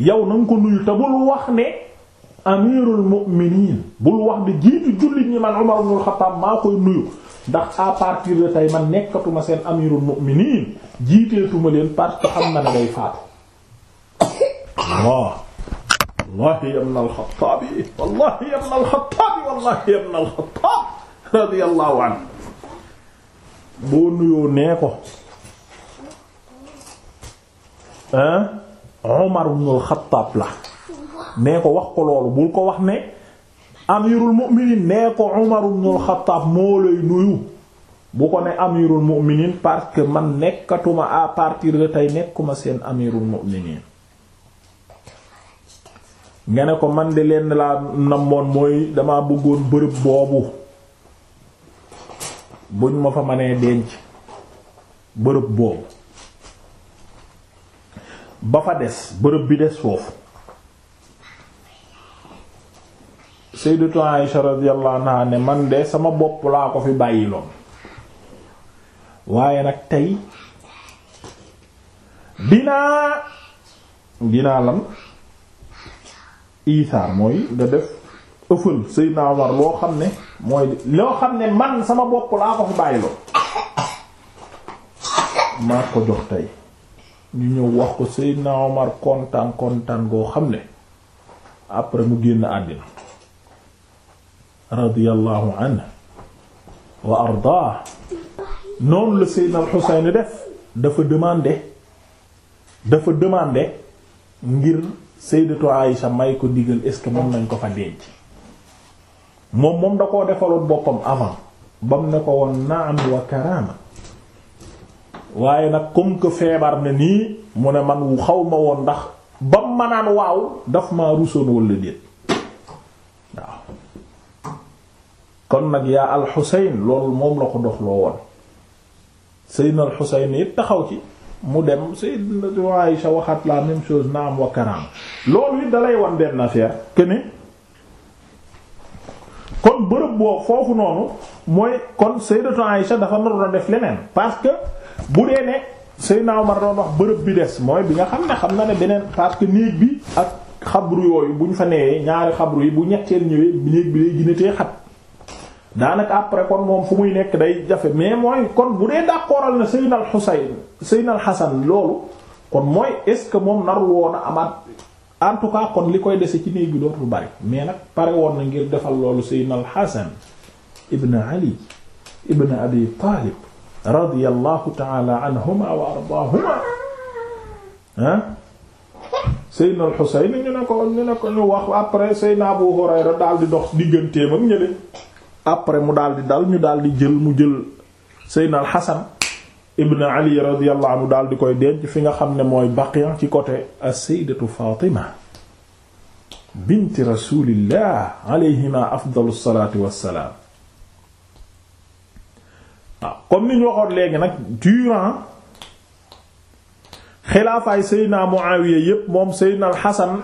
yow na ko nuyu te bul wax ne amirul mu'minin bul wax ne jiitu jullit ñi man umar ibn al maa koy nuyu ndax à partir de tey man nekkatuma seen amirul mu'minin jiiteetuma leen parce que xam na ne faatu waaw wallahi ya ibn al-Khattab wallahi ya ibn al wallahi ya ibn al-Khattab radiyallahu boo nuyoo nee ko Umar ibn al la nee ko wax ko loolu bul ko wax ne amirul mu'minin nee ko Umar ibn al-Khattab moo lay nuyu bu ko ne amirul mu'minin parce que man nekkatuma à partir de tey nekkuma seen amirul mu'minin nga ne ko man de lenn laa namoon mooy dama bëggoon bërëb boobu buñ ma fa mënee denc bërëb boobu ba fa des bërëb bi des foofu sayyidatu Aisha radiyallahu anha ne man de sama bopp laa ko fi bàyyiloon waaye nag tey dinaa dinaa lam isaar mooy nga def ëffal Seydina Omar loo xam ne mooy loo xam ne man sama bopp laa ko fi bàyyi loo maa ko jox tey ñu ñëw wax ko Seydina Omar kontaan kontaan goo xam ne après mu génn àddina radiyallahu anhu wa ardaa noonu la Seydina al def dafa demander dafa demander ngir sayyidatu Aïsha may ko digal est-ce que mën nañ ko fa denc moom moom da koo defaloon boppam avant ba mu ne ko woon naam wa karama waaye nag comme que feebar na nii mu ne man xaw ma woon ndax ba mu ma naan waaw daf ma rusoon walla déet waaw kon nag yaa al Xuseyn loolu moom la ko dox loo woon Seydina al Xuseyn taxaw ci mu dem Sayyidatu Aïsha waxaat la même chose naam wa karaama loolu it dalay wan benn affaire que ne kon bërëb boo foofu noonu mooy kon Sayyidatu Aïsha dafa naroon a def leneen parce que bu dee ne Sayyidna Umar doon wax bërëb bi des mooy bi nga xam ne xam na ne beneen parce que néeg bi ak xabru yooyu bu ñu fa newee ñaari xabru yi bu ñetteel ñëwee néeg bi lay gën a xat daanaka après kon moom fu muy nekk day jafe mais mooy kon bu dee d'accordal na Seydina al Xuseyn Seydina al Xasan loolu kon mooy est-ce que moom nar woon a amaat en kon li koy dese ci néeg bi dootul bari mais nag pare woon na ngir defal loolu Seydina al Xasan ibn Ali ibn Abi Taalib radiyallahu ta'ala anhuma wa ardaahuma ah Seydina al Xuseyn ñu ne ko ñu wax après Seydina Abu Hurayra daal di dox digganteem ak ñële après mu daal di dal ñu daal di jël mu jël Seydina Al-Hasan ibn Ali radiyallahu anhu daal di koy denc fi nga xam ne mooy Baqiya ci côté as-Sayyidatu Fatima binti rasulillah alayhima afdalu salaatu wassalaam waaw ah, comme ni ñu waxoon léegi nag durant xilaafaay Seydina Muawiya yépp moom Seydina Al-Hasan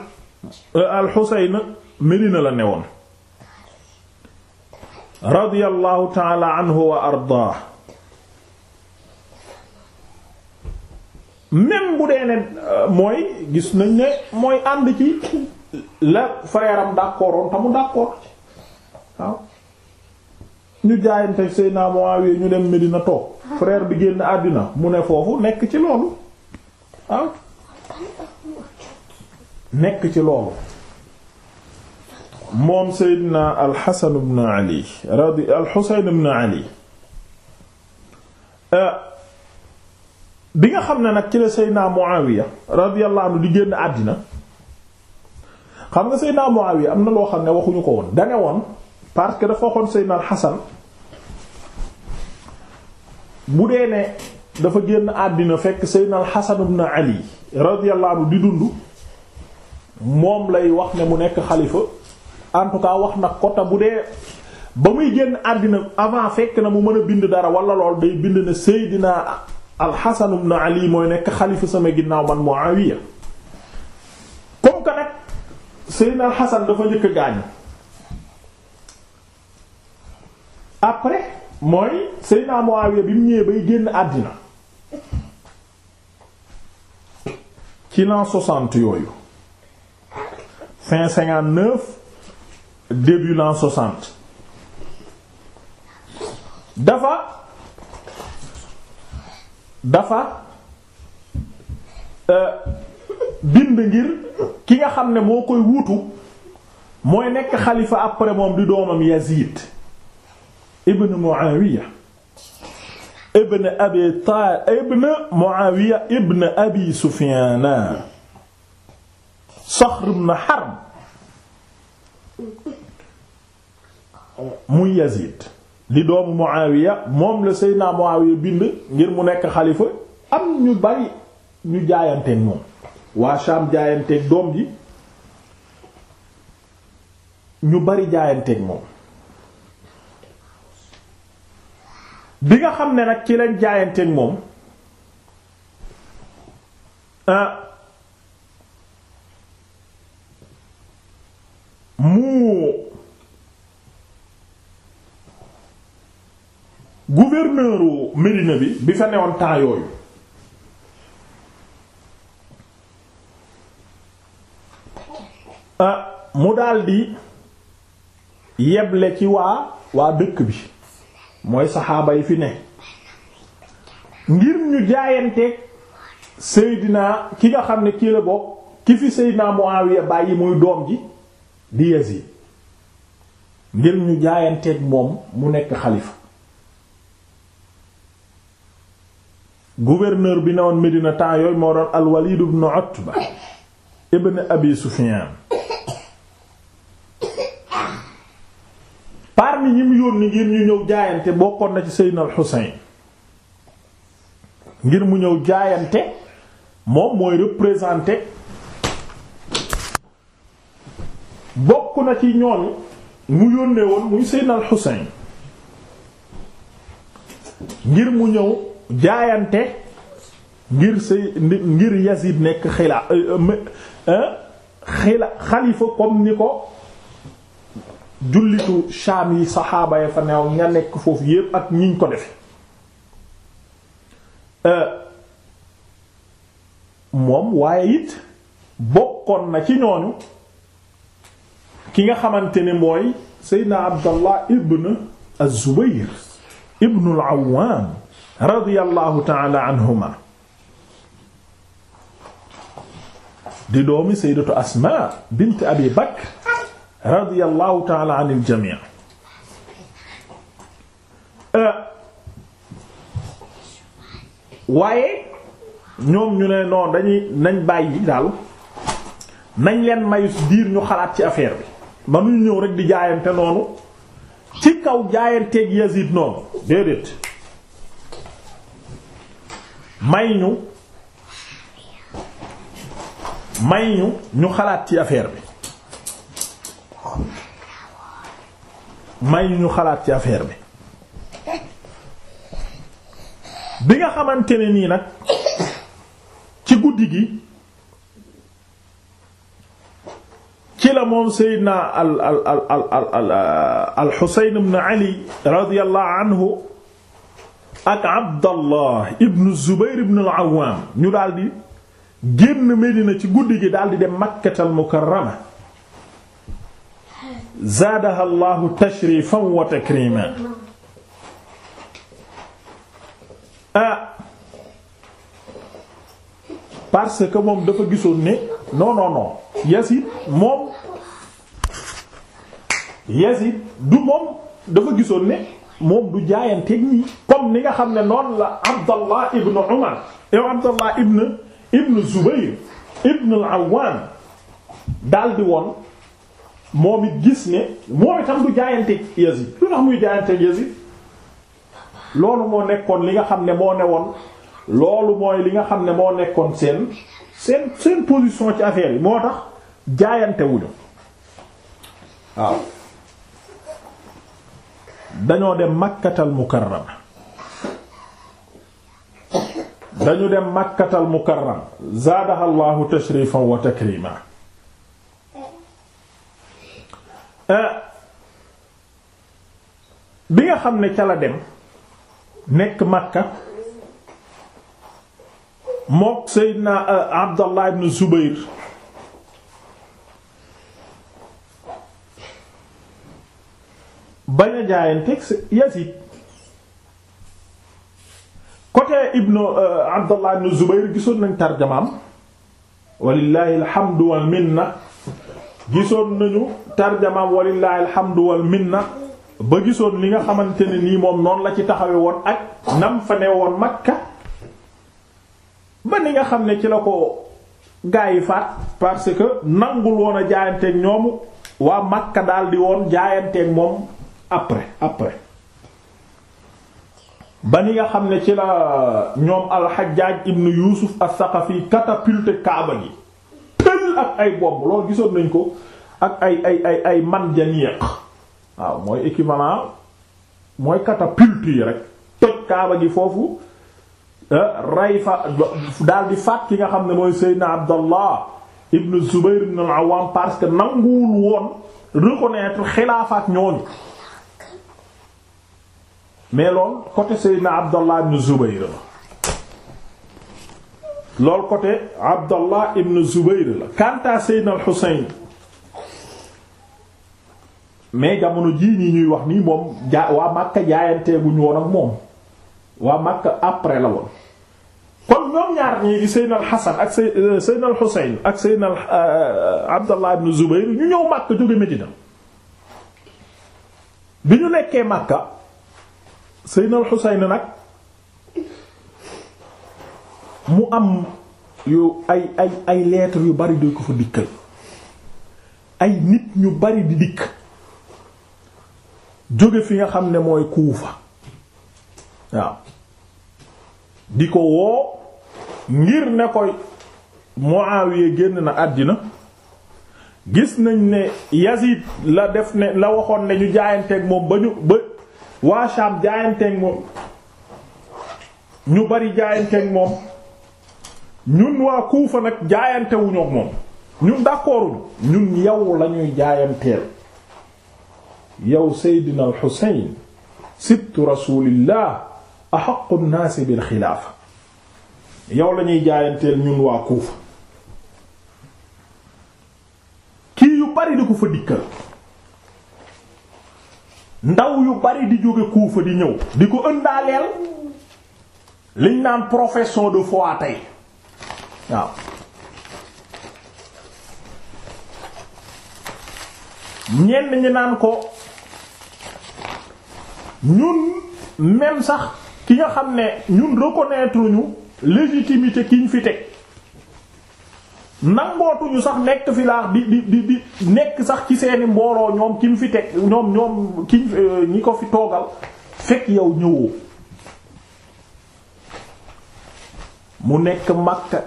euh, Al-Husayn Medina la ne woon radiyallahu taala anhu wa ardaa même bu dee ne euh, mooy gis nañ ne mooy ànd ci la frère am d'accordoon tamu d'accord waaw ñu jaayante Seydina Muawiya ñu dem Medina toog frère bi génn àddina mu ne foofu nekk ci loolu waaw nekk ci loolu moom Seydina Alxasan ibn Ali radi Alxuseyn ibn Ali euh, bi nga xam ne nag ci la Seydina Muawiya radiyallahu anhu di génn àddina xam nga Seydina Muawiya am na loo xam ne waxuñu ko woon dane woon parce que dafa waxoon Seydina Alxasan bu dee ne dafa génn àddina fekk Seydina Alxasan ibn Ali radiyallahu anhu di dund moom lay wax ne mu nekk xalifa en tout wax na kota bu dee ba muy génn àddina avant fekk na mu mën a bind dara wala lool day bind ne Seydina Al-Hasan Ali mooy nekk xalifa sama ginnaaw man Muawiya comme que nag Seydina Al-Hasan dafa njëkk a après mooy Seydina Muawiya bi mu ñëwee bay génn àddina ci l'an soixante yooyu début l'an 60 dafa dafa euh, bind ngir ki nga xam ne moo koy wuutu mooy nekk xalifa après moom di doomam Yazid ibn Muawiya ibn Abi Ta ibn Muawiya ibn Abi Sufyan Saxr ibn Harb muy Yazid di doomu Muawiya moom la Seydina Muawiya bind ngir mu nekk xalifa am ñu bari ñu jaayanteeg moom waa Sham jaayanteeg doom ji ñu bari jaayanteeg moom bi nga xam ne nag ci lañ jaayanteeg moom ah, mu gouverneur u Médina bi bi fa newoon temps yooyu ah, mu daldi yeble ci waa waa dëkk bi mooy saxaaba yi fi ne ngir ñu jaayanteeg Seydina ki nga xam ne kii la bokk ki fi Seydina Muawiya bàyyi muy doom ji di Yazid ngir ñu jaayanteeg moom mu nekk xalifa gouverneur bi newoon Medina temps yooyu moo doon al-Walid ibn Utba ibn Abi Sufyan parmi ñi mu yónni ngir ñu ñëw jaayante bokkoon na ci Seydina al ngir mu ñëw jaayante moom mooy représenter bokk na ci ñooñu mu yónnee woon muy Seydina al ngir mu ñëw. jaayante ngir say ngir Yazid nekk xila euh, euh, xila xalifa comme ni ko jullitu Shaam yi saxaaba ya fa neew nga nekk foofu yépp ak ñiñ ko defe euh, moom waaye it bokkoon na ci ñooñu ki nga xamante ne mooy Seydina Abdallah ibn Az-Zubayr ibn al radiyallahu taala anhuma di doomi sayyidatu asma bint abi bakr radiyallahu taala anil jamii euh, waaye ñoom ñu ne non dañuy nañ bàyyi daal nañ leen mayu diir ñu xalaat ci affaire bi manuñ ñëw rek di jaayante noonu ci kaw jaayanteeg Yazid noonu déedéet may ñu may ñu ñu xalaat ci affaire bi may ñu xalaat ci affaire bi bi nga xamante ne nii nag ci guddi gi ci la moom Seydina al al al al al al Husayn ibn Ali radiyallahu anhu ak Abdallah ibn Zubayr ibn al-Awwam ñu daldi génn Medina ci guddi gi daldi dem Makkatal Mukarrama zaadaha Allahu tashrifan moom dafa gisoon ne non non moom Yazid du moom dafa gisoon ne moom du jaayanteeg ñii comme li nga xam ne noonu la Abdallah ibn Umar et Abdallah ibn ibn Zubayr ibn al daldi woon moom it gis ne moom itam du jaayanteeg Yazid lu tax muy jaayanteeg Yazid loolu moo nekkoon li nga xam ne moo ne woon loolu mooy li nga xam ne moo nekkoon seen seen seen position ci affaire yi moo tax jaayante waaw. dañoo dem makkatal mukarrama dañu dem makkatal mukarrama zaadaha llahu tashrifan wa takrima eh, bi nga xam ne ca la dem nekk makka mook seydina eh, abdallah ibn zubayr bañ a jaayanteeg Yazid côté Ibnu euh, Abdallah ibn Zubayr gisoon nañ tarjamaam walillahi alhamdu wal minna gisoon nañu tarjamaam walillahi alhamdu wal ba gisoon li nga xamante ne nii moom noonu la ci taxawe woon ak nam fa ne woon Makka ba ni nga xam ne ci la ko gaa yi faat parce que nangul woon a jaayanteeg ñoomu waa Makka daal di woon jaayanteeg moom après après ba ni nga xam ne ci la ñoom alxajaaj ibnu yuusuf as-saqafi catapulte kaaba gi tël ak ay bomb loolu gisoon nañ ko ak ay ay ay ay manjaniq waaw mooy équivalent mooy catapulte yi rek toj kaaba gi foofu eh, rey fa daal di faat ki nga xam ne mooy seydna abdallah ibnu zubayr ibn al-awwam parce que nanguwul woon reconnaître xilaafaat ñooñu mais lool côté Seydina Abdallah ibn Zubayr la lool côté Abdallah ibn Zubayr la kanta Seydina al-Husayn mais jamono jii ñi ñuy wax nii moom jaa waa Makka jaayanteeguñu woon ak moom waa Makka après la woon kon ñoom ñaar ñii di Seydina al-Hasan ak euh, Seydina al-Husayn ak Seydina euh, Abdallah ibn Zubayr ñu ñëw Makka jóge Medina bi ñu nekkee Makka Seydina Al-Husayn nag mu am yu ay ay ay lettres yu bari di ko fa dikkal ay nit ñu bari di dikk jóge fi nga xam ne mooy Kuufa waaw di ko woo ngir ne koy Muawiya génn na àddina gis nañ ne Yazid la def ne la waxoon ne ñu jaayanteeg moom ba ñu ba waa Sham jaayanteeg moom ñu bari jaayanteeg moom ñun waa Kuufa nag jaayantewuñoo ak moom ñun d'accorduñu ñun yow lañuy jaayanteel yow Seydina al Xuseyn sibtu axaqu nnaasi bil xilaafa yow lañuy jaayanteel ñun waa Kuufa kii yu bari di ko fa dikkal ndaw yu bari di jóge Kuufa di ñëw di ko ëndaaleel liñ naan profession de foi tey waaw ñenn ñi naan ko ñun même sax ki nga xam ne ñun reconnaître ñu légitimité ki ñu fi teg nangootuñu sax nekk fi bi di di di nekk sax ci seeni mbooloo ñoom ki mu fi teg ñoom ñoom ki euh, ñi ko fi toogal fekk yow ñëwoo mu nekk Makka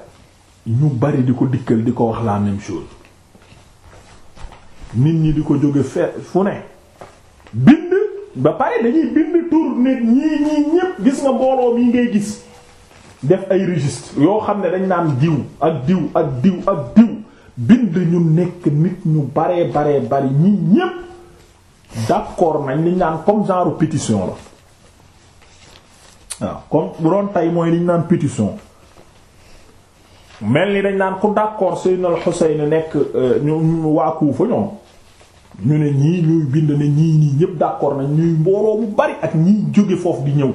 ñu bari di ko dikkal di ko wax la même chose nit ñi di ko jóge fe fu ne bind ba pare dañuy bind tur nit ñii ñii ñépp gis nga mbooloo mi ngay gis def ay registre yoo xam ne dañ naan diw ak diw ak diw ak diw bind ñu nekk nit ñu baree baree bari ñi ñépp d'accord nañ liñ naan comme genre pétition la waaw comme bu doon tey mooy liñ naan pétition mel ni dañ naan ku d'accord Seydina al-Husayn nekk euh, ñu waa Kufa ñoom ñu ne ñii ñuy bind ne ñii ñii ñépp d'accord nañ ñuy mbooloo bu bari ak ñiy jóge foofu di ñëw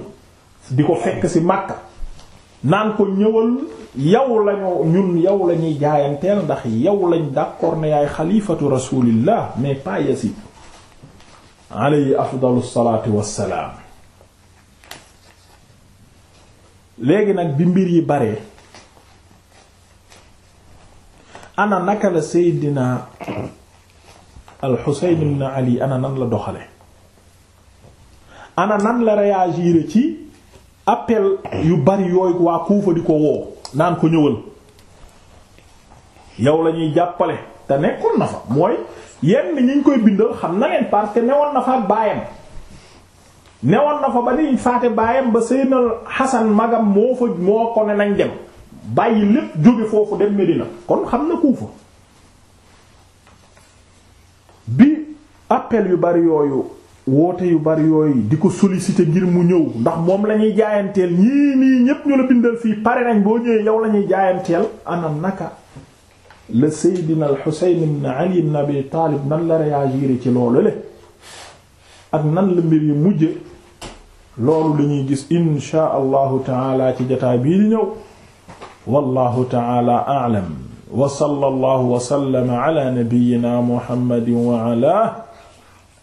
di ko fekk ci Makka naan ko ñëwal yow lañu ñun yow lañuy ñuy jaayanteel ndax yow lañ d'accord ne yaay xalifatu rasulillah mais pas Yazid alayhi afdalu salaatu wassalaam léegi nag bi mbir yi bare ana naka la seydina al Xuseyn ibn Ali ana nan la doxale ana nan la réagir ci appel yu bari yooyu waa Kuufa di ko woo naan ko ñëwal yow lañuy jàppale te nekkoon na fa mooy yenn ñi ñu koy bindal xam na leen parce que newoon na fa ak baayam newoon na fa ba ni faate baayam ba Seydina Hasan magam moo fa moo ko ne nañ dem bàyyi lépp jóge foofu dem Medina kon xam na Kuufa bi appel yu bari yooyu woote yu bari yooyu di ko solliciter ngir mu ñëw ndax moom lañuy ñuy jaayanteel ñii ñépp ñu la bindal fii pare nañ boo ñëwee yow la ñuy jaayanteel anam naka la Seydina al-Husayn ibn Ali ibn Abi Talib nan la réagir ci loolu le ak nan la mbir yi mujje loolu la ñuy gis inshaa allahu taala ci jotaay bii di ñëw wallahu taala a'lam wa sallallahu wa sallama ala nabiyyina Muhammadin wa ala